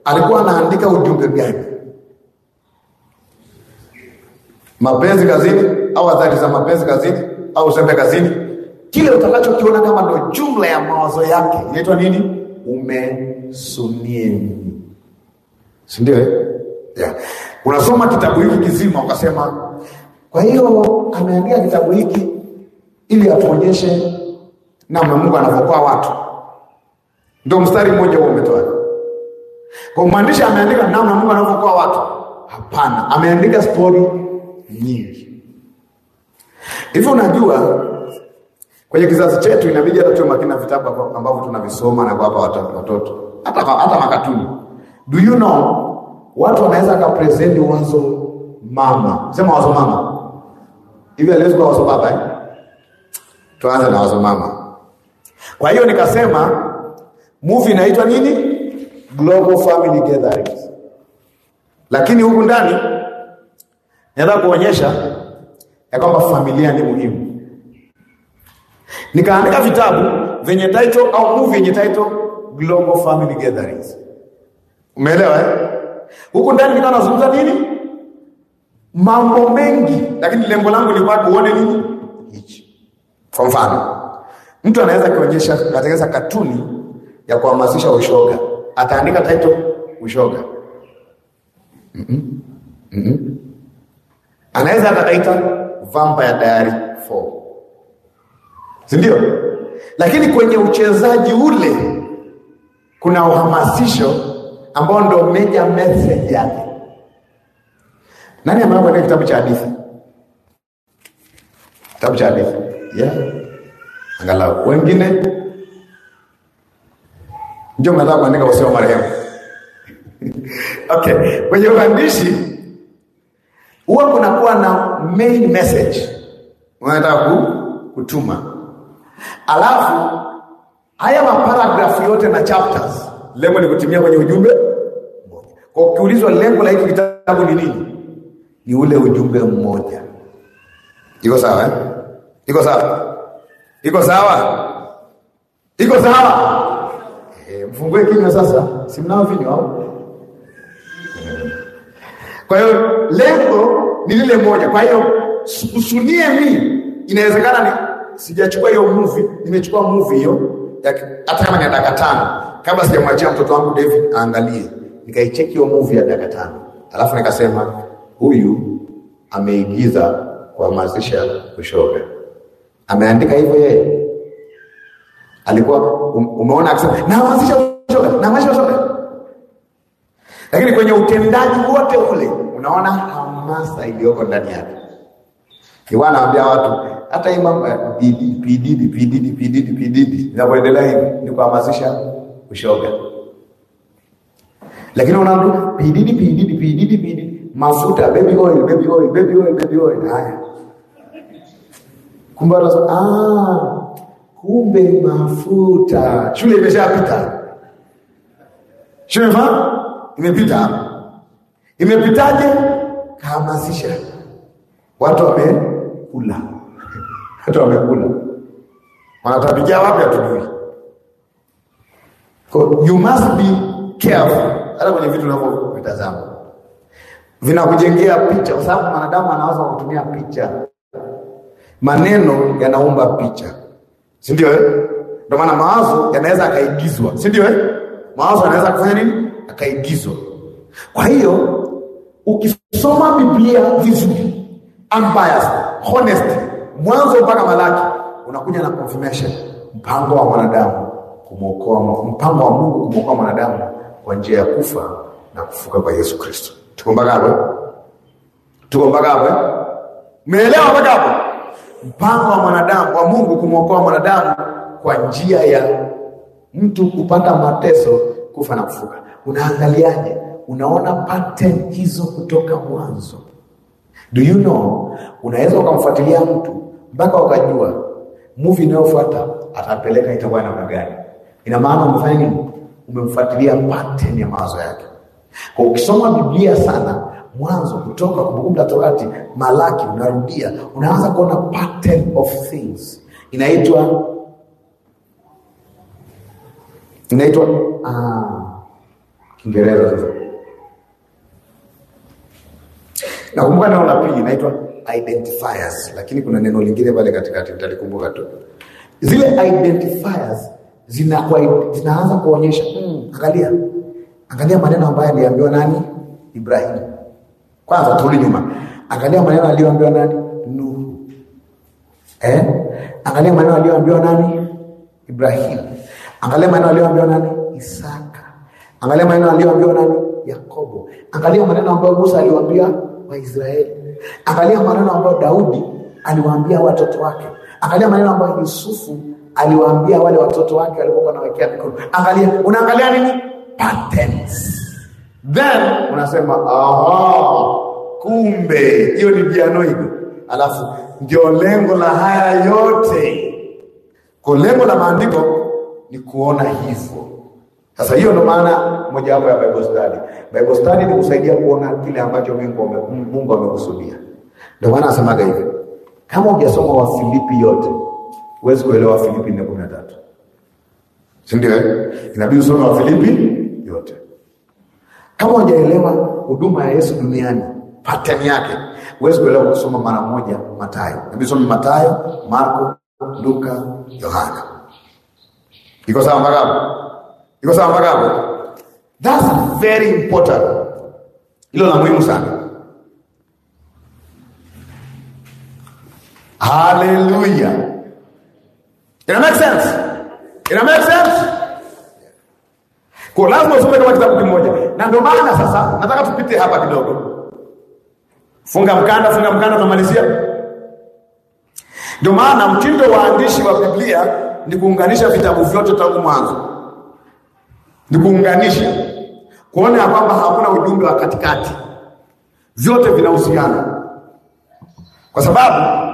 Speaker 1: alikuwa anaandika ujumbe gani? Mapenzi kazini au adhari za mapenzi kazini au uzembe kazini? Kile utakachokiona kama ndio jumla ya mawazo yake inaitwa nini? Umesumieni, si ndio? Eh? Yeah. Unasoma kitabu hiki kizima ukasema, kwa hiyo ameandika kitabu hiki ili atuonyeshe namna Mungu anavyokoa watu, ndio mstari mmoja huo umetoa. Kwa mwandishi ameandika namna Mungu anavyokoa watu? Hapana, ameandika stori
Speaker 2: nyingi.
Speaker 1: Hivyo unajua kwenye kizazi chetu inabidi hata tuwe makini na vitabu ambavyo tunavisoma na kuwapa watoto, hata hata makatuni. Do you know watu wanaweza akapresenti wazo mama, sema wazo mama hivi aliwezi wazo baba eh? Tuanze na wazo mama. Kwa hiyo nikasema movie inaitwa nini? Global Family Gatherings. Lakini huku ndani naweza kuonyesha ya kwamba familia ni muhimu. Nikaandika vitabu vyenye title au movie yenye title Global Family Gatherings. Umeelewa eh? Huku ndani nikawa nazungumza nini? Mambo mengi, lakini lengo langu lilikuwa kuone nini? Hichi. Kwa mfano, Mtu anaweza kuonyesha atengeneza katuni ya kuhamasisha ushoga, ataandika title ushoga.
Speaker 2: mm -mm. mm -mm.
Speaker 1: Anaweza akataita Vampire Diary 4, si ndio? Lakini kwenye uchezaji ule kuna uhamasisho ambao ndio major message yake. Nani ameona kitabu cha hadithi? Kitabu cha hadithi yeah angalau wengine ndio mnataka kuandika usio marehemu okay kwenye uandishi huwa kunakuwa na main message unataka kutuma alafu haya maparagrafu yote na chapters lengo ni kutimia kwenye ujumbe kwa ukiulizwa lengo la hiki kitabu ni nini ni ule ujumbe mmoja iko sawa eh? iko sawa Iko sawa? Iko sawa? E, mfungue kinywa sasa, si mnao vinywa au? Kwa hiyo lengo ni lile moja. Kwa hiyo usunie mi, inawezekana ni sijachukua hiyo movie, nimechukua movie hiyo hata kama ni ya dakika tano, kabla sijamwachia mtoto wangu David aangalie, nikaicheki hiyo movie ya dakika tano, alafu nikasema huyu ameigiza kuhamasisha kushoga. Ameandika hivyo yeye alikuwa um-, umeona akisema naanzisha shoga, na maisha ushoga, lakini kwenye utendaji wote ule unaona hamasa iliyoko ndani yake. Kiwa anawaambia watu hata hii mambo Didi Pididi Pididi Pididi Pididi inapoendelea hivi ni kuhamasisha ushoga, lakini unaambia pididi pididi pididi pididi mafuta baby oil baby oil baby oil baby oil haya Kumbe ah, kumbe mafuta. Shule imeshapita. Shule imepita Imepitaje? Kahamasisha. Watu wamekula. Watu wamekula. Wanatabikia wapi hatujui. You must be careful. Hata kwenye vitu unavyovitazama vinakujengea picha, kwa sababu mwanadamu anaweza kutumia picha Maneno yanaumba picha, si ndio eh? Ndio maana mawazo yanaweza akaigizwa, si ndio eh? Mawazo yanaweza kufanya nini? Akaigizwa. Kwa hiyo ukisoma Biblia vizuri, unbiased, honest, mwanzo mpaka Malaki, unakuja na confirmation, mpango wa mwanadamu kumwokoa, mpango wa Mungu kumwokoa mwanadamu kwa njia ya kufa na kufuka kwa Yesu Kristo. Tuko mpaka hapo? Eh? Tuko mpaka hapo? Eh? Umeelewa mpaka hapo? mpango wa mwanadamu wa Mungu kumwokoa mwanadamu kwa njia ya mtu kupata mateso, kufa na kufuka. Unaangaliaje? Unaona pattern hizo kutoka mwanzo. Do you know, unaweza ukamfuatilia mtu mpaka ukajua movie inayofuata atapeleka itakuwa namna gani. Ina maana umefanya nini? Umemfuatilia pattern ya mawazo yake. Kwa ukisoma Biblia sana Mwanzo, Kutoka, Kumbukumbu la Torati, Malaki, unarudia, unaanza kuona pattern of things. Inaitwa inaitwa ah, Kiingereza nakumbuka nao la pili inaitwa identifiers, lakini kuna neno lingine pale katikati nitalikumbuka tu. Zile identifiers zinaanza kuonyesha mm, angalia angalia maneno ambayo aliambiwa nani Ibrahimu kwanza turudi nyuma, angalia maneno aliyoambiwa nani? Nuhu. Eh? Angalia maneno aliyoambiwa nani? Ibrahim. Angalia maneno aliyoambiwa nani? Isaka. Angalia maneno aliyoambiwa nani? Yakobo. Angalia maneno ambayo Musa aliwaambia Waisraeli. Angalia maneno ambayo Daudi aliwaambia watoto wake. Angalia maneno ambayo Yusufu aliwaambia wale watoto wake walipokuwa wanawekea mikono. Angalia, unaangalia nini? Patterns then unasema aha,
Speaker 2: kumbe
Speaker 1: hiyo ni bianoid. Alafu ndio lengo la haya yote, kwa lengo la maandiko ni kuona hivyo. Sasa hiyo ndio maana mojawapo ya Bible study. Bible study ni kusaidia kuona kile ambacho Mungu amekusudia. Ndio maana asemaga hivi, kama wa Wafilipi yote huwezi kuelewa Wafilipi nne si ndio? Eh? Inabidi usome Filipi yote. Kama hujaelewa huduma ya Yesu duniani pattern yake, huwezi kuelewa kusoma mara moja Mathayo. Nimesoma Mathayo, Marko, Luka, Yohana. Iko sawa mpaka hapo? Iko sawa mpaka hapo? That's very important. Hilo la muhimu sana. Haleluya. It make sense? It make sense? Kwa lazima usome kama kitabu kimoja, na ndio maana sasa nataka tupite hapa kidogo. Funga mkanda, funga mkanda, tunamalizia. Ndio maana mtindo wa waandishi wa Biblia ni kuunganisha vitabu vyote tangu mwanzo, ni kuunganisha kuona ya kwamba hakuna ujumbe wa katikati, vyote vinahusiana, kwa sababu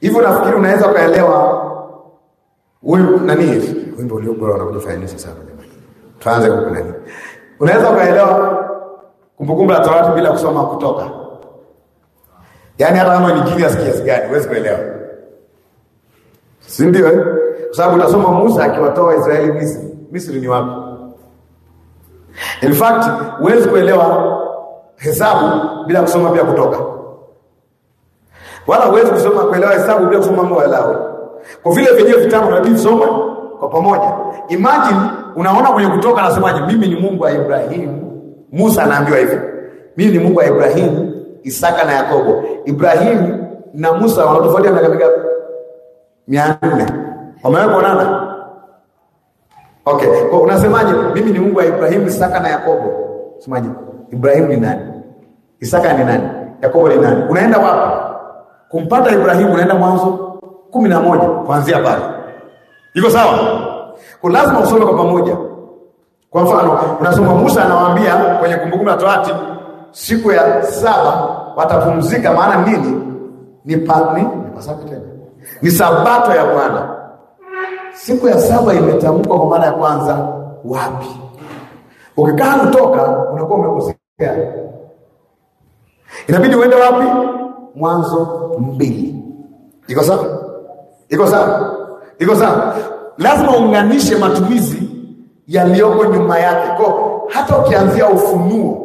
Speaker 1: hivyo nafikiri unaweza ukaelewa huyu nani hivi wimbo uliogoa unakuja fanya nini sasa tuanze kukueleza. Unaweza ukaelewa kumbukumbu la Torati bila kusoma Kutoka, yaani hata kama ni genius kiasi gani huwezi kuelewa, si ndio? Eh? Kwa sababu utasoma Musa akiwatoa Israeli Misri. Misri ni wapi? In fact huwezi kuelewa hesabu bila kusoma pia Kutoka, wala huwezi kusoma kuelewa hesabu bila kusoma mambo ya Lawi, kwa vile vyenyewe vitabu nabii soma kwa pamoja. Imagine unaona kwenye Kutoka anasemaje, mimi ni Mungu wa Ibrahimu. Musa anaambiwa hivi, mimi ni Mungu wa Ibrahimu, Isaka na Yakobo. Ibrahimu na Musa wanatofautiana miaka mingapi? mia nne. Wamewekonana? Okay, kwa unasemaje, mimi ni Mungu wa Ibrahimu, Isaka na Yakobo? Semaje, Ibrahimu ni nani? Isaka ni nani? Yakobo ni nani? Unaenda wapi kumpata Ibrahimu? Unaenda Mwanzo kumi na moja kuanzia pale Iko sawa? Kwa lazima usome kwa pamoja. Kwa mfano, unasoma Musa anawaambia kwenye Kumbukumbu la Torati siku ya saba watapumzika, maana nini? Ni patni, ni Pasaka tena. Ni sabato ya Bwana. Siku ya saba imetamkwa kwa mara ya kwanza wapi? Ukikaa kutoka unakuwa umekosea. Inabidi uende wapi? Mwanzo mbili. Iko sawa? Iko sawa? Iko sawa? Lazima unganishe matumizi yaliyoko nyuma yake. Kwa hata ukianzia Ufunuo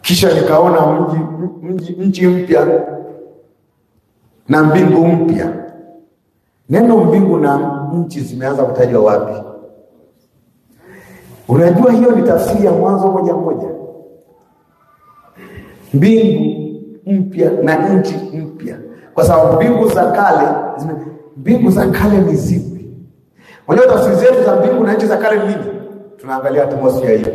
Speaker 1: kisha nikaona mji mji nchi mpya na mbingu mpya. Neno mbingu na nchi zimeanza kutajwa wapi? Unajua, hiyo ni tafsiri ya Mwanzo moja moja, mbingu mpya na nchi mpya, kwa sababu mbingu za kale zime mbingu za kale ni zipi? Unajua tafsiri zetu za mbingu na nchi za kale ni nini? Tunaangalia atmosphere hiyo.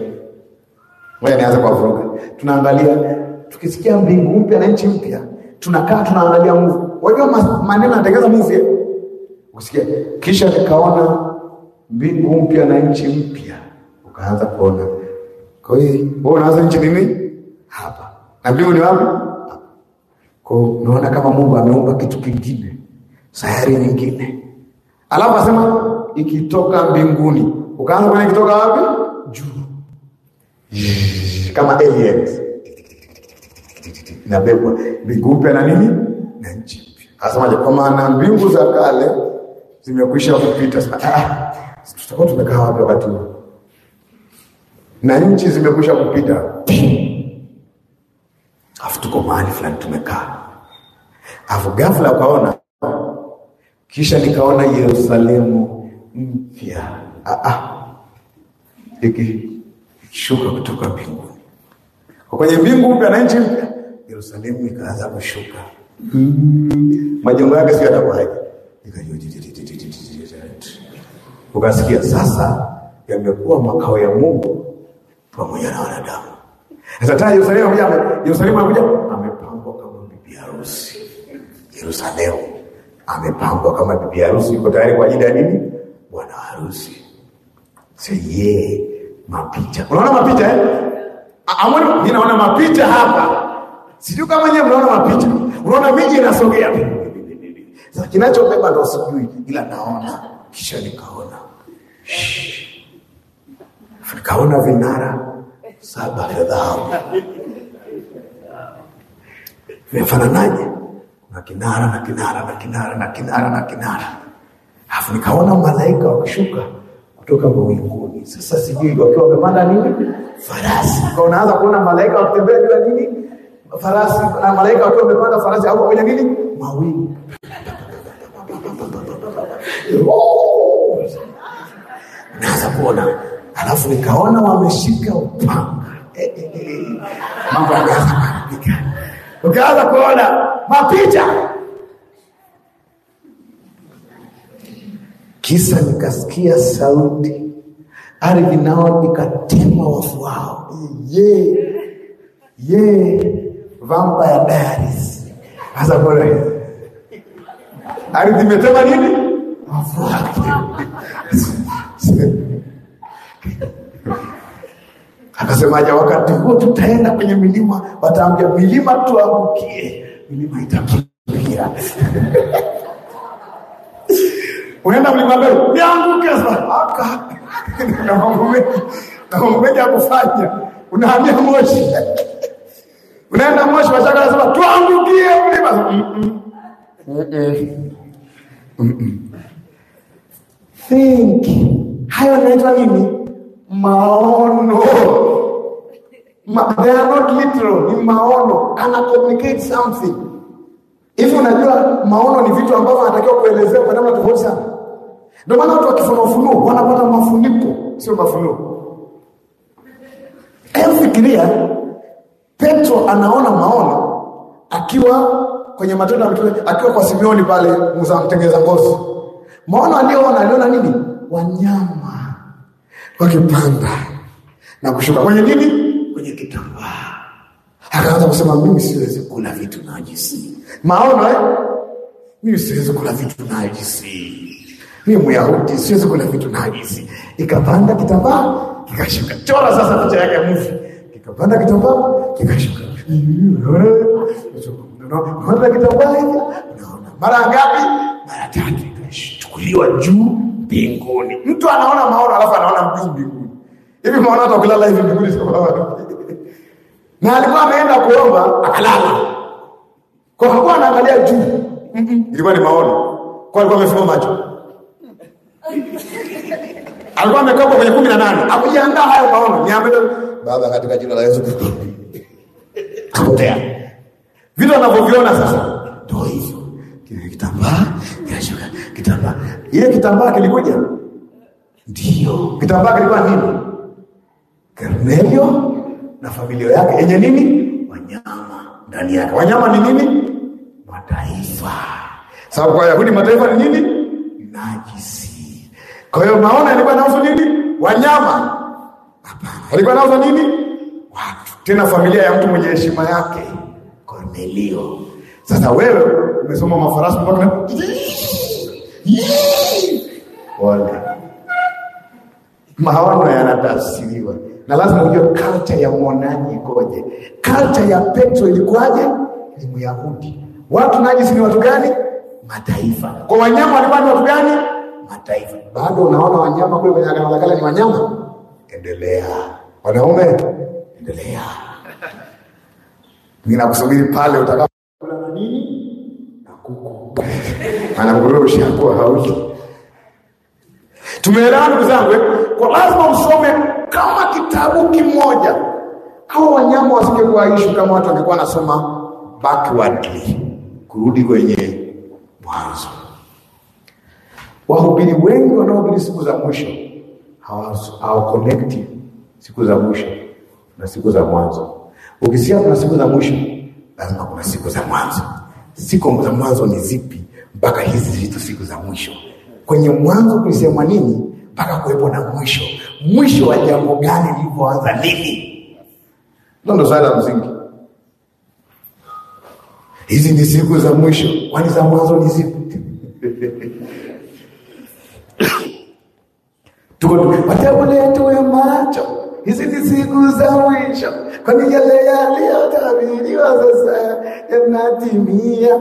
Speaker 1: Ngoja nianze kwa vuruga. Tunaangalia tukisikia mbingu mpya na nchi mpya, tunakaa tunaangalia movie. Unajua maneno yanatengeza movie. Eh? Ukisikia kisha nikaona mbingu mpya na nchi mpya, ukaanza kuona. Kwa hiyo wewe unaanza nchi mimi Hapa. Na mbingu ni wapi? Kwa hiyo unaona kama Mungu ameumba kitu kingine sayari nyingine, alafu asema ikitoka mbinguni. Ukaanza kwenye ikitoka wapi? Juu, kama alien inabebwa mbingu mpya na nini na nchi mpya. Asemaje? Kwa maana mbingu za kale zimekwisha kupita. Ah, ah, tutakuwa tumekaa wapi wakati huo? na nchi zimekwisha kupita, afu tuko mahali fulani tumekaa, afu ghafla ukaona kisha nikaona Yerusalemu mpya ah, ah. ikishuka kutoka mbinguni. Kwa kwenye mbingu mpya na nchi mpya, Yerusalemu ikaanza kushuka. Mm. Majengo yake si yatakuwaje? Ukasikia sasa yamekuwa makao ya Mungu pamoja na wanadamu. Sasa tayari Yerusalemu, Yerusalemu amepambwa kama bibi harusi. Yerusalemu amepangwa kama bibi harusi, yuko tayari kwa ajili ya nini? Bwana harusi. Seye mapicha, unaona mapicha eh? Amoni, ninaona mapicha hapa, sijui kama nyewe mnaona mapicha. Unaona miji inasogea, sasa kinachobeba ndo sijui, ila naona, kisha nikaona nikaona vinara saba vya dhahabu vimefananaje? na kinara na kinara na kinara na kinara na kinara, alafu nikaona malaika wakishuka kutoka mawinguni. Sasa sijui wakiwa wamepanda nini, farasi. Unaanza kuona malaika wakitembea juu ya nini, farasi, na malaika wakiwa wamepanda farasi au kwenye nini, mawingu naanza kuona alafu nikaona wameshika upanga, eh, eh, eh, mambo yakaanza kuharibika, ukaanza kuona mapicha. Kisa nikasikia sauti, ardhi nao ikatema wafu wao. Ye ye, Vampire Diaries. Sasa ardhi imetema nini?
Speaker 2: Wafu wake
Speaker 1: Akasemaje? Wakati huo tutaenda kwenye milima, wataambia milima tuangukie milima itakimbia. unaenda mlima Meru, nianguke sasa, na mambo mengi na mambo mengi ya kufanya, unahamia Moshi unaenda Moshi, washaka nasema tuangukie mlima. Mm, mm.
Speaker 2: Eh, eh. Mm, Think,
Speaker 1: hayo naitwa nini? Maono. Ma, they are not literal, ni maono. Ana communicate something. Hivi unajua maono ni vitu ambavyo anatakiwa kuelezea kwa namna tofauti sana. Ndio maana watu wakifuna ufunuo wanapata mafuniko, sio mafunuo. fikiria Petro anaona maono akiwa kwenye matendo ya mitume akiwa kwa Simeoni pale mza mtengeza ngozi. Maono aliyoona aliona nini?
Speaker 2: Wanyama
Speaker 1: wakipanda na kushuka kwenye nini? kwenye kitambaa, akaanza kusema mimi siwezi kula vitu najisi. Maono eh? Mimi siwezi kula vitu najisi, mi Myahudi siwezi kula vitu najisi. Ikapanda kitambaa kikashuka, chora sasa picha yake ya mufi, kikapanda kitambaa kikashuka, kitambaa mara ngapi? Mara tatu, ikachukuliwa juu mbinguni. Mtu anaona maono alafu anaona mtu mbinguni hivi, maono hata ukilala hivi mbinguni na alikuwa ameenda kuomba akalala, kwa hakuwa anaangalia juu, mm-hmm. ilikuwa ni maono, kwa alikuwa amefuma macho alikuwa amekaa kwenye kumi na nane akujiandaa hayo maono. Niambie baba, katika jina la Yesu Kristo, akutea vitu anavyoviona sasa, ndio hivyo kile kitambaa kinashuka, kitambaa ile kitambaa kilikuja, ndio kitambaa kilikuwa nini? Kornelio na familia yake yenye nini? Wanyama ndani yake. Wanyama ni nini? Mataifa. Sababu kwa Yahudi mataifa ni nini?
Speaker 2: Najisi.
Speaker 1: Kwa hiyo maona ilikuwa inahusu nini? Wanyama? Hapana, alikuwa inahusu nini? Watu. Tena familia ya mtu mwenye heshima yake,
Speaker 2: Kornelio.
Speaker 1: Sasa wewe umesoma mafarasi mpaka Pole. Maono yanatafsiriwa na lazima ujue kalcha ya mwonaji ikoje. Kalcha ya Petro ilikuwaje? Ni Myahudi. Watu najisi ni watu gani? Mataifa. Kwa wanyama walikuwa ni watu gani? Mataifa. Bado unaona wanyama kule kwenye Agano la Kale ni wanyama? Endelea wanaume, endelea ninakusubiri pale utakapokula na nini na kuku anakula ushakuwa hauli. Tumeelewa ndugu zangu, eh? kwa lazima usome kama kitabu kimoja. Hao wanyama wasingekuwa kama watu wangekuwa wanasoma backwardly, kurudi kwenye mwanzo. Wahubiri wengi wanaohubiri siku za mwisho hawakonekti siku za mwisho na siku za mwanzo. Ukisikia kuna siku za mwisho, lazima kuna siku za mwanzo. Siku za mwanzo ni zipi? Mpaka hizi zitu siku za mwisho. Kwenye mwanzo kulisemwa nini? Mpaka kuwepo na mwisho mwisho wa jambo gani lilipoanza nini? Hilo ndo swali la msingi. Hizi ni siku za mwisho, kwani za mwanzo ni zipi? tukotuwatakuletuwe macho, hizi ni siku za mwisho, kwani yale yaliyotabiriwa sasa yanatimia.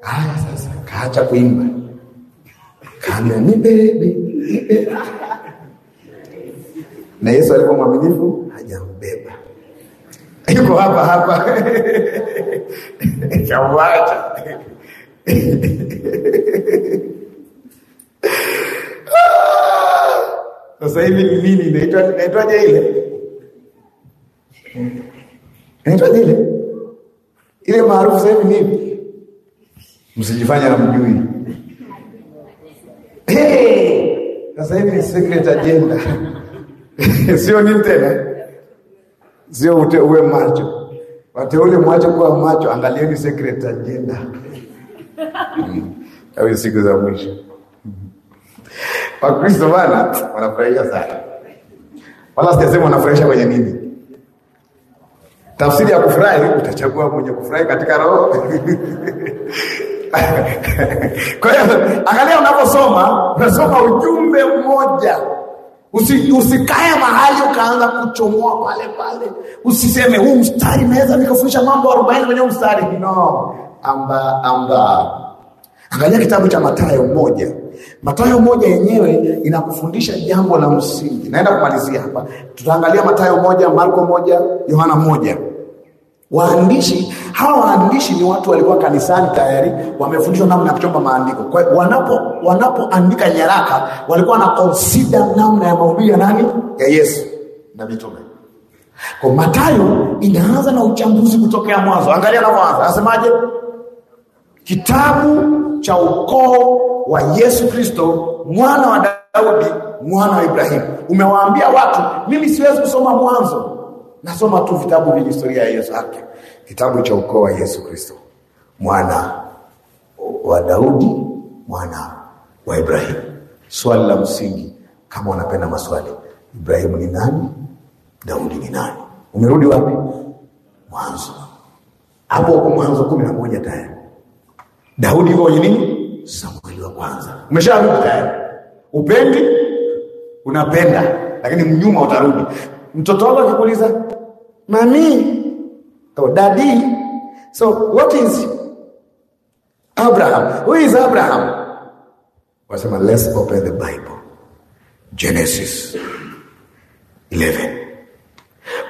Speaker 1: Haya, sasa kaacha kuimba, kama ni bebe na Yesu alikuwa mwaminifu, hajambeba yuko hapa hapa kamwacha Sasa hivi ni nini inaitwa inaitwaje ile?
Speaker 2: Inaitwaje ile?
Speaker 1: Ile maarufu sasa hivi nini? Msijifanye hamjui. Hey! Sasa hivi ni secret agenda. sio nini tena, sio uwe macho. Wateule macho kuwa macho, angalieni secret agenda mm. au siku za mwisho. Wakristo bana wanafurahisha sana, wala sijasema wanafurahisha kwenye nini. Tafsiri ya kufurahi, utachagua mwenye kufurahi katika roho Kwa hiyo angalia, unaposoma unasoma ujumbe mmoja Usi, usikae mahali ukaanza kuchomoa pale pale. Usiseme huu mstari naweza nikafundisha mambo arobaini kwenye mstari. No. Amba amba. Angalia kitabu cha Mathayo moja. Mathayo moja yenyewe inakufundisha jambo la msingi. Naenda kumalizia hapa. Tutaangalia Mathayo moja, Marko moja, Yohana moja. Waandishi hawa waandishi ni watu walikuwa kanisani tayari, wamefundishwa namna ya kuchomba maandiko. Kwa hiyo wanapo wanapoandika nyaraka walikuwa na consider namna ya mahubiri ya nani, ya Yesu na mitume. Kwa Mathayo inaanza na uchambuzi kutokea mwanzo. Angalia anavyoanza, anasemaje? Kitabu cha ukoo wa Yesu Kristo mwana wa Daudi mwana wa Ibrahimu. Umewaambia watu, mimi siwezi kusoma mwanzo Nasoma tu vitabu vya historia ya Yesu yake, kitabu cha ukoo wa Yesu Kristo, mwana wa Daudi, mwana wa Ibrahimu. Swali la msingi, kama wanapenda maswali, Ibrahimu ni nani? Daudi ni nani? Umerudi wapi? Mwanzo. Hapo kwa Mwanzo kumi na moja tayari Daudi yuko kwenye nini? Samueli wa kwanza. Umesharudi tayari, upendi unapenda, lakini mnyuma utarudi mtoto wako akikuuliza mami au dadi, so what is Abraham who is Abraham wasema let's open the bible Genesis 11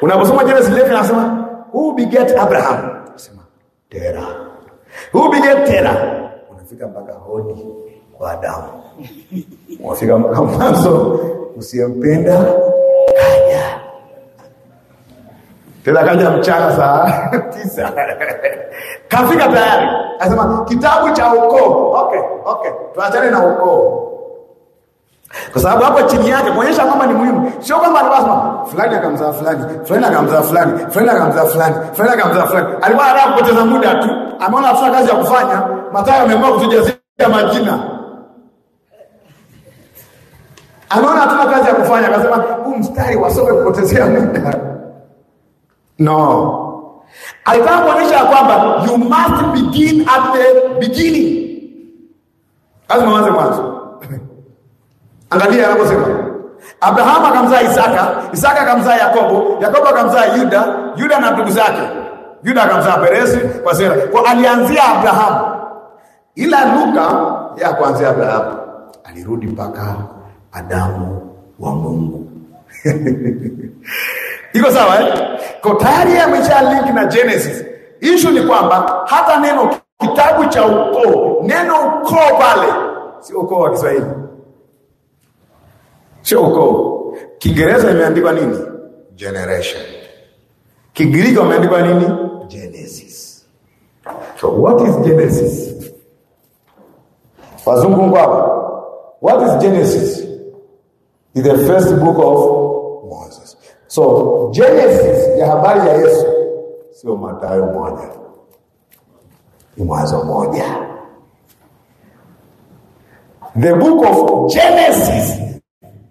Speaker 1: unaposoma Genesis 11 anasema who beget Abraham sema Tera who beget Tera unafika mpaka hodi kwa Adamu unafika mpaka mwanzo usiyempenda tena kaja mchana saa tisa kafika tayari, asema kitabu cha ukoo. Okay, okay, tuachane na ukoo kwa sababu hapo chini yake kuonyesha kwamba ni muhimu, sio kwamba aliwasema fulani akamzaa fulani, fulani akamzaa fulani, fulani akamzaa fulani, fulani akamzaa fulani. Alikuwa anataka kupoteza muda tu, ameona hatuna kazi ya kufanya. Mathayo ameamua zia majina,
Speaker 2: ameona hatuna kazi ya kufanya, akasema huu
Speaker 1: mstari wasome kupotezea muda No, alitaka kuonyesha ya kwamba you must begin at the beginning, lazima uanze mwanzo. Angalia anaposema Abrahamu akamzaa Isaka, Isaka akamzaa Yakobo, Yakobo akamzaa Yuda, Yuda na ndugu zake, Yuda akamzaa Peresi kwa Sera. Kwa alianzia Abrahamu, ila Luka ya kuanzia Abrahamu alirudi mpaka Adamu wa
Speaker 2: Mungu
Speaker 1: Iko sawa eh? Kwa tayari amesha link na Genesis. Issue ni kwamba hata neno kitabu cha ukoo, neno ukoo pale si ukoo wa Kiswahili. Sio ukoo. Kiingereza imeandikwa nini? Generation. Kigiriki wameandikwa nini? Genesis. So what is Genesis? Wazungu ngwapa. What is Genesis? Is the first book of So Genesis ya habari ya Yesu sio Mathayo moja, ni Mwanzo moja. The book of Genesis.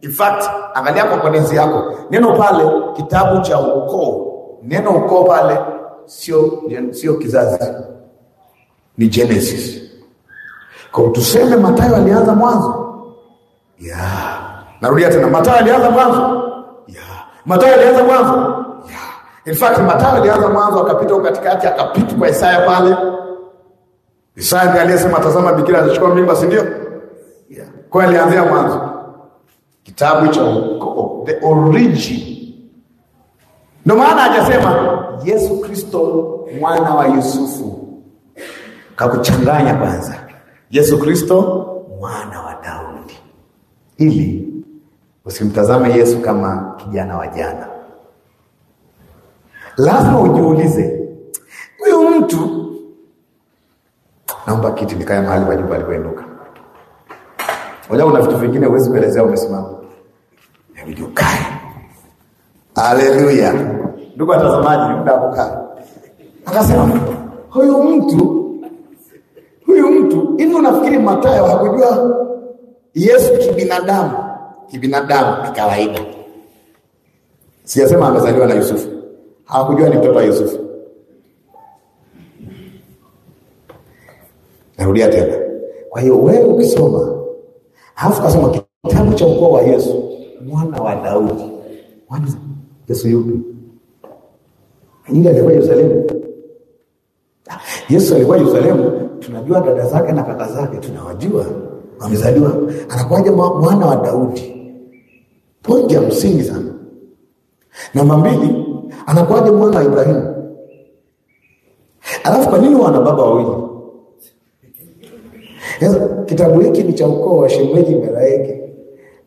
Speaker 1: In fact, angalia kokonezi yako neno pale, kitabu cha ukoo. Neno ukoo pale sio sio kizazi, ni Genesis. Kwa tuseme Mathayo alianza mwanzo, yeah. Narudia tena, Mathayo alianza mwanzo Mathayo alianza mwanzo. Yeah. In fact Mathayo alianza mwanzo akapita huko katikati akapita kwa Isaya pale. Isaya ndiye aliyesema tazama bikira atachukua mimba si ndio? Yeah. Kwa alianzia mwanzo. Kitabu cha the origin. Ndio maana hajasema Yesu Kristo mwana wa Yusufu. Kakuchanganya kwanza. Yesu Kristo mwana wa Daudi. Ili Usimtazame Yesu kama kijana wa jana. Lazima ujiulize,
Speaker 2: huyu mtu
Speaker 1: naomba kiti nikae mahali pa nyumba alipoinuka. Unajua kuna vitu vingine huwezi kuelezea umesimama. Inabidi ukae. Haleluya. Ndugu watazamaji, muda kukaa. Akasema, huyu mtu huyu mtu hivi unafikiri Mathayo hakujua Yesu kibinadamu? kibinadamu ni kawaida. Sijasema amezaliwa na Yusufu, hawakujua ni mtoto wa Yusufu. Narudia tena. Kwa hiyo wewe ukisoma halafu kasoma kitabu cha ukoo wa Yesu mwana wa Daudi, mwana Yesu yupi? Injili alikuwa Yerusalemu. Yesu alikuwa Yerusalemu, tunajua dada zake na kaka zake, tunawajua amezaliwa Anakuwaje mwana wa Daudi? pointi ya msingi sana. Namba mbili, anakuwaje mwana wa Ibrahimu? Alafu kwa nini wana baba wawili? Kitabu hiki ni cha ukoo wa shemeji Melaeke.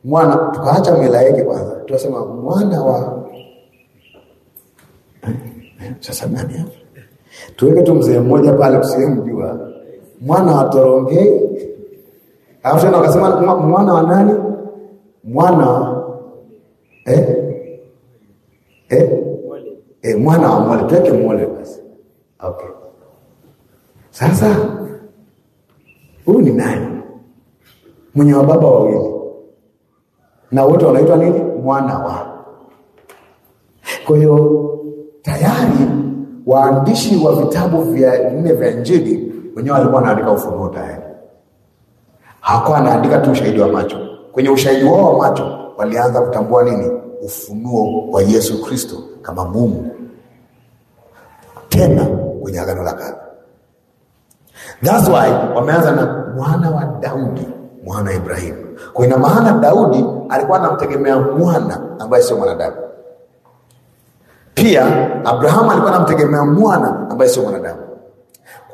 Speaker 1: mwana tukaacha Melaeke kwanza, tunasema mwana wa sasa nani hapa? Tuweke tu mzee mmoja pale, jua mwana wa Torongei, alafu tena wakasema mwana wa nani? Mwana eh? Eh? Eh, mwana wa mwali tuweke mwali basi. Okay. Sasa huyu ni nani? Mwenye wa baba wawili na wote wanaitwa nini? Mwana wa. Kwa hiyo tayari waandishi wa vitabu vya nne vya Injili wenyewe walikuwa wanaandika ufunuo tayari, hakuwa anaandika tu ushahidi wa macho. Kwenye ushahidi wao wa macho walianza kutambua nini? Ufunuo wa Yesu Kristo kama Mungu tena kwenye agano la kale. That's why wameanza na mwana wa Daudi, mwana wa Ibrahimu. Kwa ina maana Daudi alikuwa anamtegemea mwana ambaye sio mwanadamu. Pia Abrahamu alikuwa anamtegemea mwana ambaye sio mwanadamu.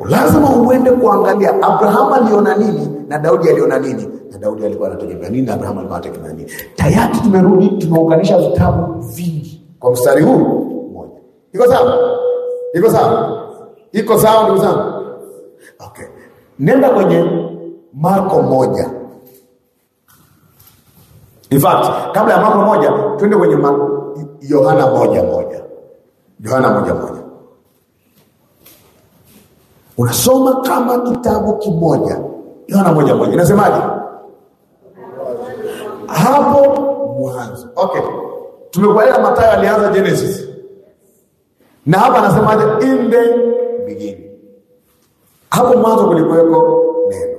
Speaker 1: Lazima uende kuangalia Abrahamu aliona nini na Daudi aliona nini na Daudi alikuwa anategemea nini na Abraham alikuwa anategemea nini. Tayari tumerudi tumeunganisha vitabu vingi kwa mstari huu mmoja. Iko sawa? Iko sawa? Iko sawa ndugu zangu? Okay. Nenda kwenye Marko moja. In fact, kabla ya Marko moja twende kwenye Yohana moja moja. Yohana moja moja unasoma kama kitabu kimoja. Yohana moja moja inasemaje? hapo mwanzo. Okay. tumekuelewa. Matayo alianza Genesis. Na hapa anasemaje in the beginning. Hapo mwanzo kulikuweko neno.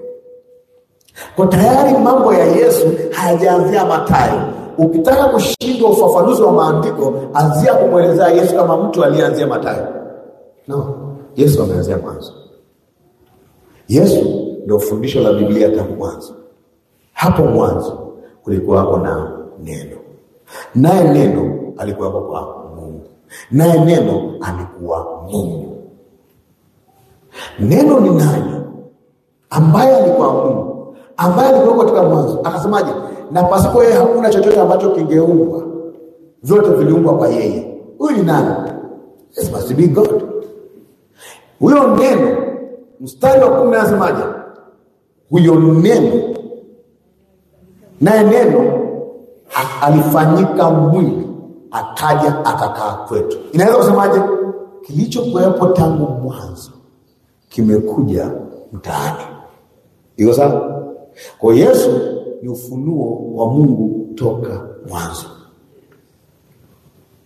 Speaker 1: Kwa tayari mambo ya Yesu hayajaanzia matayo Ukitaka kushindwa ufafanuzi wa maandiko, anzia kumwelezea Yesu kama mtu aliyeanzia matayo No. Yesu ameanzia mwanzo. Yesu ndio fundisho la Biblia tangu mwanzo. Hapo mwanzo kulikuwako na neno, naye neno alikuwako kwa Mungu, naye neno alikuwa Mungu. Neno ni nani? Ambaye alikuwa Mungu, ambaye alikuwa katika mwanzo. Akasemaje? Na pasipo yeye hakuna chochote ambacho kingeumbwa, vyote viliumbwa kwa yeye. Huyu ni nani? This must be God. Huyo neno, mstari wa kumi anasemaje? Huyo neno naye neno alifanyika mwili akaja akakaa kwetu. Inaweza kusemaje? Kilichokuwepo tangu mwanzo kimekuja mtaani. Iko sawa? Kwa Yesu ni ufunuo wa Mungu toka mwanzo.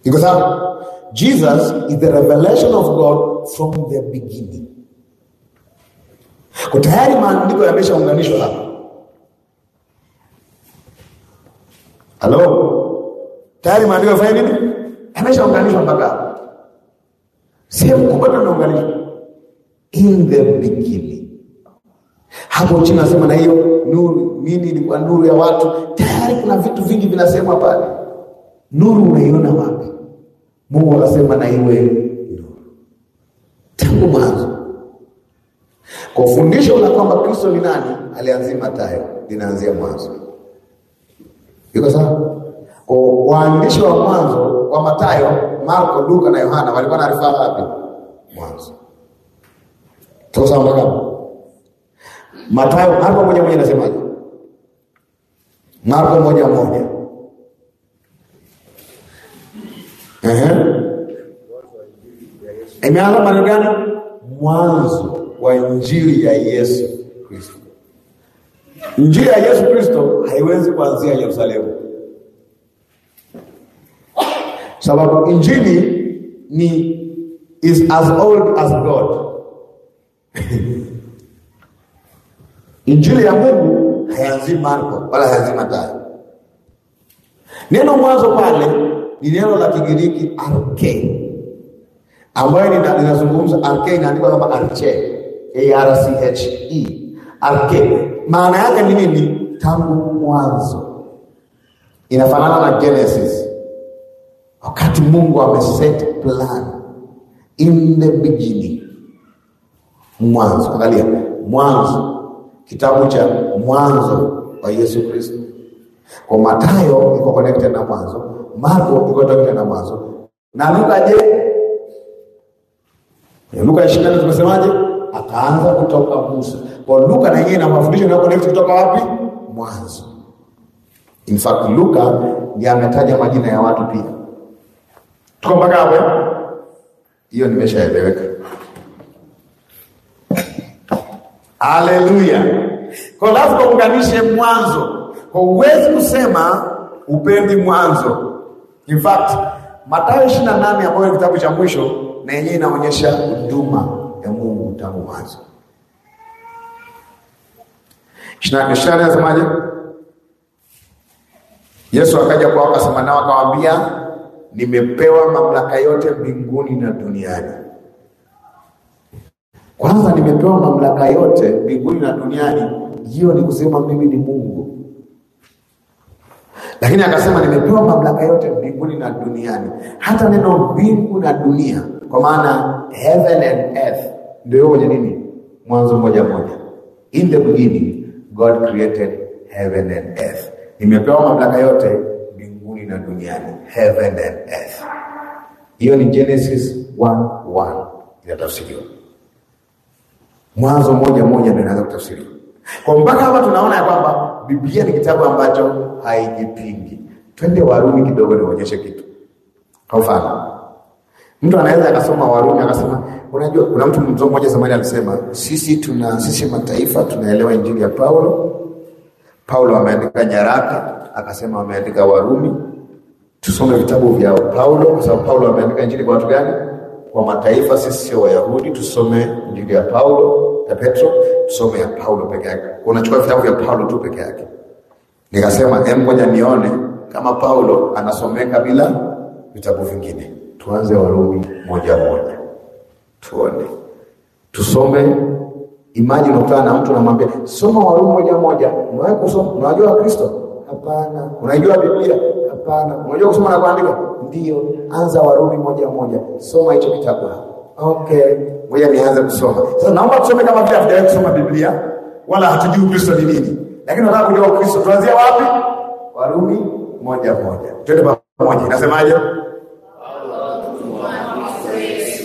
Speaker 1: Iko sawa? Jesus is the revelation of God from the beginning. Kwa tayari maandiko yameshaunganishwa hapa Halo? Tayari maandiko yafanya nini? Ameshaunganishwa mpaka. Sehemu kubwa tumeunganishwa. In the beginning. Hapo chini sema na hiyo nuru, nini ni kwa nuru ya watu? Tayari kuna vitu vingi vinasemwa pale. Nuru unaiona wapi? Mungu akasema na iwe nuru. Tangu mwanzo. Kwa fundisho la kwamba Kristo ni nani, alianzia Mathayo, linaanzia mwanzo. Iko sawa? Kwa Waandishi wa mwanzo wa Mathayo, Marko, Luka na Yohana walikuwa na rifaa wapi? Mwanzo. Tuko sawa mpaka hapo? Mathayo, Marko moja moja inasemaje? Marko moja moja. Eh. Imeanza maneno gani? Mwanzo wa Injili ya Yesu Kristo. Njia ya Yesu Kristo haiwezi kuanzia Yerusalemu, sababu injili ni is as old as God.
Speaker 2: Injili ya
Speaker 1: Mungu hayanzii Marko wala hayanzii Mathayo. Neno mwanzo pale ni neno la Kigiriki arche, ambayo inazungumza arche, inaandikwa kama arche, A R C H E, arche maana yake ni nini? Tangu mwanzo, inafanana na Genesis, wakati Mungu ameset plan in the beginning, mwanzo. Angalia mwanzo, kitabu cha mwanzo wa Yesu Kristo. Kwa Mathayo iko connected na mwanzo, Marko iko connected na mwanzo, na Luka je? Luka 24 tumesemaje? Akaanza kutoka Musa kwa Luka na yeye na mafundisho na ni kutoka wapi? Mwanzo. In fact Luka ndiye ametaja majina ya watu pia. Tuko mpaka hapo? Eh? Hiyo nimeshaeleweka. Haleluya. Kwa lazima unganishe mwanzo. Kwa uwezi kusema upendi mwanzo. In fact Mathayo 28 ambayo ni kitabu cha mwisho na yenyewe inaonyesha huduma ya Mungu tangu mwanzo. Ishirini anasemaje? Yesu akaja kwao akasema nao akawaambia, nimepewa mamlaka yote mbinguni na duniani. Kwanza nimepewa mamlaka yote mbinguni na duniani, hiyo ni kusema mimi ni Mungu. Lakini akasema nimepewa mamlaka yote mbinguni na duniani. Hata neno mbingu na dunia, kwa maana heaven and earth, ndio kwenye nini, Mwanzo moja moja, in the beginning God created heaven and earth. Nimepewa mamlaka yote mbinguni na duniani, heaven and earth. Hiyo ni Genesis 1:1 inatafsiriwa. Mwanzo moja moja ndio inaanza kutafsiriwa. Kwa mpaka hapa tunaona ya kwamba Biblia ni kitabu ambacho haijipingi. Twende Warumi kidogo nionyeshe kitu. Kwa mfano, Mtu anaweza akasoma Warumi akasema, unajua kuna mtu mzungu mmoja zamani alisema, sisi tuna sisi mataifa tunaelewa injili ya Paulo. Paulo ameandika nyaraka, akasema ameandika Warumi. Tusome vitabu vya Paulo kwa sababu Paulo ameandika injili kwa watu gani? Kwa mataifa. Sisi sio Wayahudi, tusome injili ya Paulo ya Petro, tusome ya Paulo peke yake. Unachukua vitabu vya Paulo tu peke yake.
Speaker 2: Nikasema em, ngoja
Speaker 1: nione kama Paulo anasomeka bila vitabu vingine. Tuanze Warumi moja moja, tuone tusome. Imani unakutana na mtu namwambia, soma Warumi moja moja. Unawahi kusoma? Unajua Kristo? Hapana. Unajua Biblia? Hapana. Unajua kusoma na kuandika? Ndio. Anza Warumi moja moja, soma hicho kitabu. Okay, ngoja nianze kusoma sasa. So, Naomba tusome kama vile hatujawahi kusoma Biblia wala hatujui Kristo ni nini, lakini unataka kujua Kristo, tuanzia wapi? Warumi moja moja, twende pamoja. Inasemaje?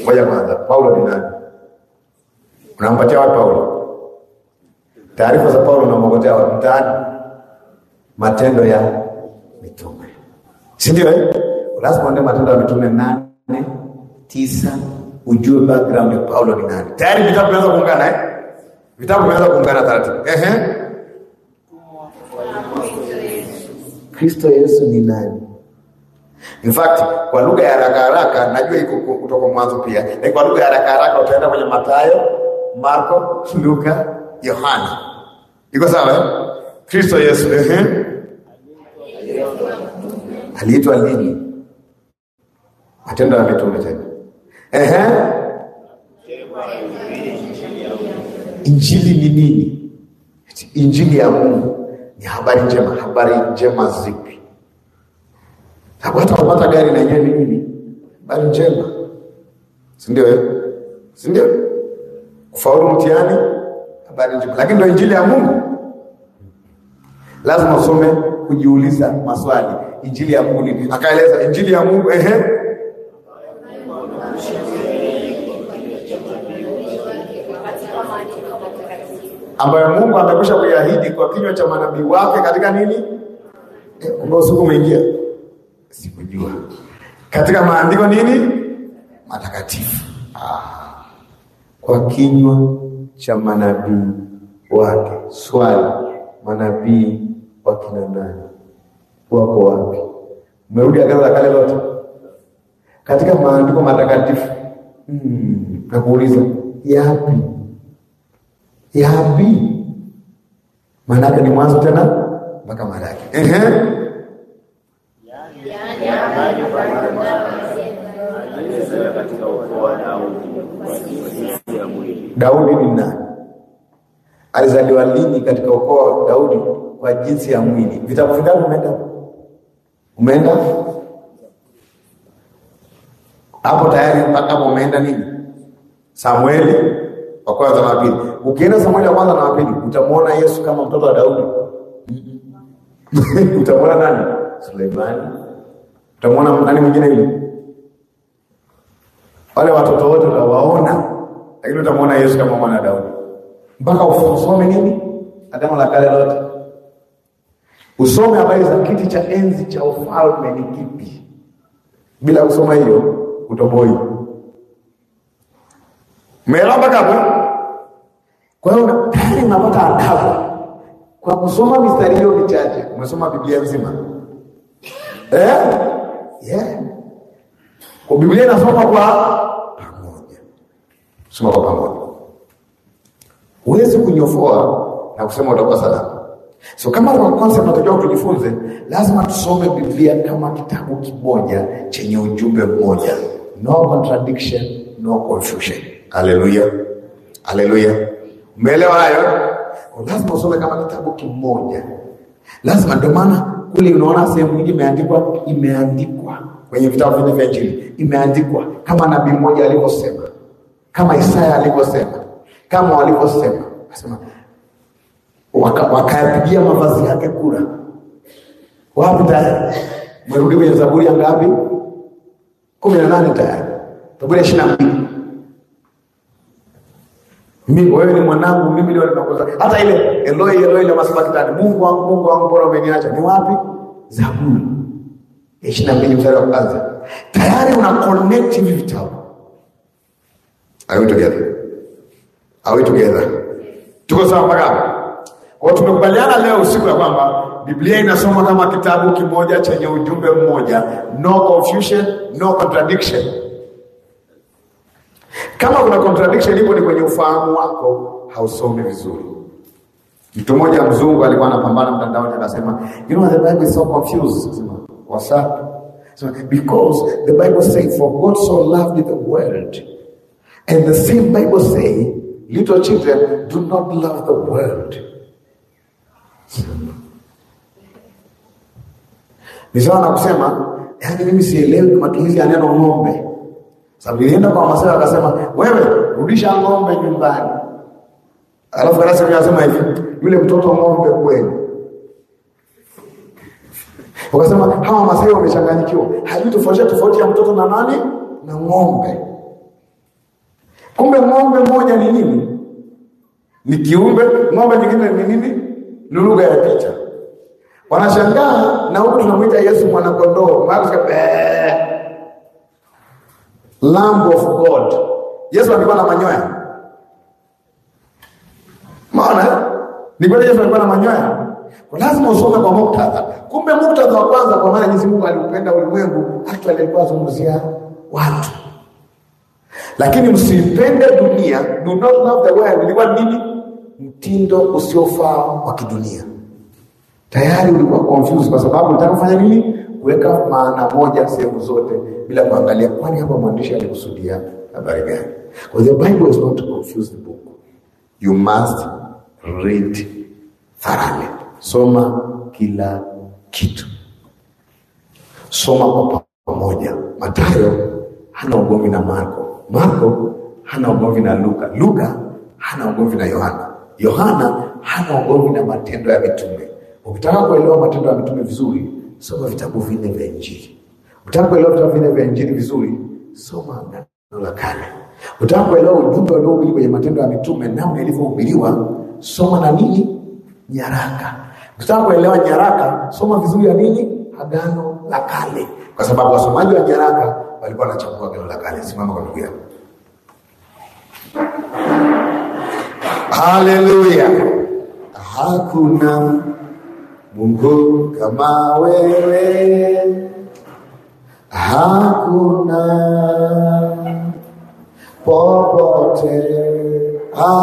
Speaker 1: Ngoja kwanza, Paulo ni nani? Unampatia wapi Paulo? Taarifa za Paulo unamwogotea wapi? Matendo ya Mitume, si ndio? Eh, Lazima uende Matendo ya Mitume nane tisa, ujue background ya Paulo ni nani. Tayari vitabu vinaanza kuungana eh? Vitabu vinaanza kuungana taratibu. Ehe, Kristo Yesu ni nani? In fact, kwa lugha ya haraka haraka najua iko kutoka mwanzo pia, Na kwa lugha ya haraka haraka utaenda kwenye Mathayo, Marko, Luka, Yohana. Iko sawa? Eh? Kristo Yesu ehe, aliitwa lini? Matendo ya Mitume tena, ehe. Injili ni nini? Injili ya Mungu ni habari njema, habari njema ziki hapata kupata gari na ni nini? Bali njema, si ndio? Eh? Si ndio? Kufaulu mtihani, habari njema. Lakini ndio injili ya Mungu, lazima usome, kujiuliza maswali. Injili ya Mungu nini? Akaeleza injili ya Mungu, ehe ambayo Mungu amekwisha kuyahidi kwa kinywa cha manabii wake katika nini? Eh, kumbe usiku umeingia sikujua katika maandiko nini matakatifu. Ah. kwa kinywa cha manabii wake. Swali, manabii wakina nani wako wapi? Mmerudi Agano la Kale lote katika maandiko matakatifu hmm. Nakuuliza, yapi yapi? Maanake ni mwanzo tena mpaka maraki Ehe. Daudi ni nani? Alizaliwa lini katika ukoo wa Daudi kwa jinsi ya mwili? Vitabu vingapi umeenda? Umeenda? Hapo tayari mpaka hapo umeenda nini? Samueli wa kwanza na pili. Ukienda Samueli wa kwanza na pili utamwona Yesu kama mtoto wa Daudi. Utamwona nani? Suleimani Utamwona nani mwingine yule? Wale watoto wote utawaona, lakini utamwona Yesu kama mwana wa Daudi. Mpaka usome nini? Agano la Kale lote. Usome habari za kiti cha enzi cha ufalme ni kipi? Bila kusoma hiyo utoboi. Umeelewa mpaka hapo? Kwa hiyo tayari unapata adabu kwa kusoma mistari hiyo michache. Umesoma Biblia nzima eh? yeah. Biblia inasoma kwa pamoja, soma kwa pamoja. Huwezi kunyofoa na kusema utakuwa salama. So kama kwa concept tunatakiwa tujifunze, lazima tusome Biblia kama kitabu kimoja chenye ujumbe mmoja, no contradiction, no confusion. Haleluya, haleluya, umeelewa hayo? Lazima usome kama kitabu kimoja, lazima. Ndio maana Biblia unaona sehemu nyingi imeandikwa imeandikwa kwenye vitabu vingi vya Injili, imeandikwa kama nabii mmoja alivyosema, kama Isaya alivyosema, kama walivyosema, asema wakayapigia mavazi yake kura. Wapi tayari mwerudi kwenye Zaburi ya ngapi? kumi na nane tayari, Zaburi ya ishirini na mbili mimi wewe ni mwanangu, mimi ndio nimekuza. Hata ile Eloi Eloi la kitani, Mungu wangu Mungu wangu, bora umeniacha. Ni wapi? Zaburi ishirini na mbili mstari wa kwanza. Tayari una connect hivi vitabu. Are we together? Are we together? Tuko sawa mpaka hapo? Kwa tumekubaliana leo usiku ya kwamba Biblia inasoma kama kitabu kimoja chenye ujumbe mmoja, no confusion, no contradiction. Kama kuna contradiction ipo ni kwenye ufahamu wako, hausomi vizuri. Mtu mmoja mzungu alikuwa anapambana mtandaoni, anasema you know the Bible is so confused. Sema what's up? Sema because the Bible say for God so loved the world and the same Bible say little children do not love the world. Ni sawa na kusema, yani mimi sielewi matumizi ya neno ng'ombe Sababu ilienda kwa Masai akasema, "Wewe rudisha ng'ombe nyumbani." Alafu Karasi anasema hivi, "Yule mtoto ng'ombe kwenu." Wakasema, "Hawa Masai wamechanganyikiwa. Hajui tofauti tofauti ya mtoto na nani? Na ng'ombe." Kumbe ng'ombe moja ni nini? Ni kiumbe, ng'ombe nyingine ni nini? Ni lugha ya picha. Wanashangaa na huko tunamwita Yesu mwana kondoo. Marko Lamb of God. Yesu alikuwa na manyoya maana eh? ni kweli Yesu alikuwa na manyoya. Kwa lazima usome kwa muktadha. Kumbe muktadha wa kwanza, kwa maana jinsi Mungu aliupenda ulimwengu, hata alikuwa zungumzia watu. Lakini msipende dunia, do not love the world. Ilikuwa nini? Mtindo usiofaa wa kidunia. Tayari ulikuwa confused kwa sababu unataka kufanya nini? kuweka maana moja sehemu zote bila kuangalia, kwani hapa mwandishi alikusudia habari gani? Kwa the Bible is not to confuse the book. You must read thoroughly. Soma kila kitu, soma kwa pamoja. Mathayo hana ugomvi na Marko, Marko hana ugomvi na Luka, Luka hana ugomvi na Yohana, Yohana hana ugomvi na matendo ya mitume. Ukitaka kuelewa matendo ya mitume vizuri soma vitabu vinne vya Injili. Utakuelewa vitabu vinne vya Injili vizuri, soma Agano la Kale. Utakuelewa kuelewa ujumbe uliohubiri kwenye Matendo ya Mitume, namna ilivyohubiriwa, soma na nini? Nyaraka. Utakuelewa nyaraka, soma vizuri ya nini? Agano la Kale, kwa sababu wasomaji wa nyaraka walikuwa wanachambua Agano la Kale. Simama kwa ndugu yako. Haleluya! Hakuna Mungu kama wewe
Speaker 2: hakuna popote.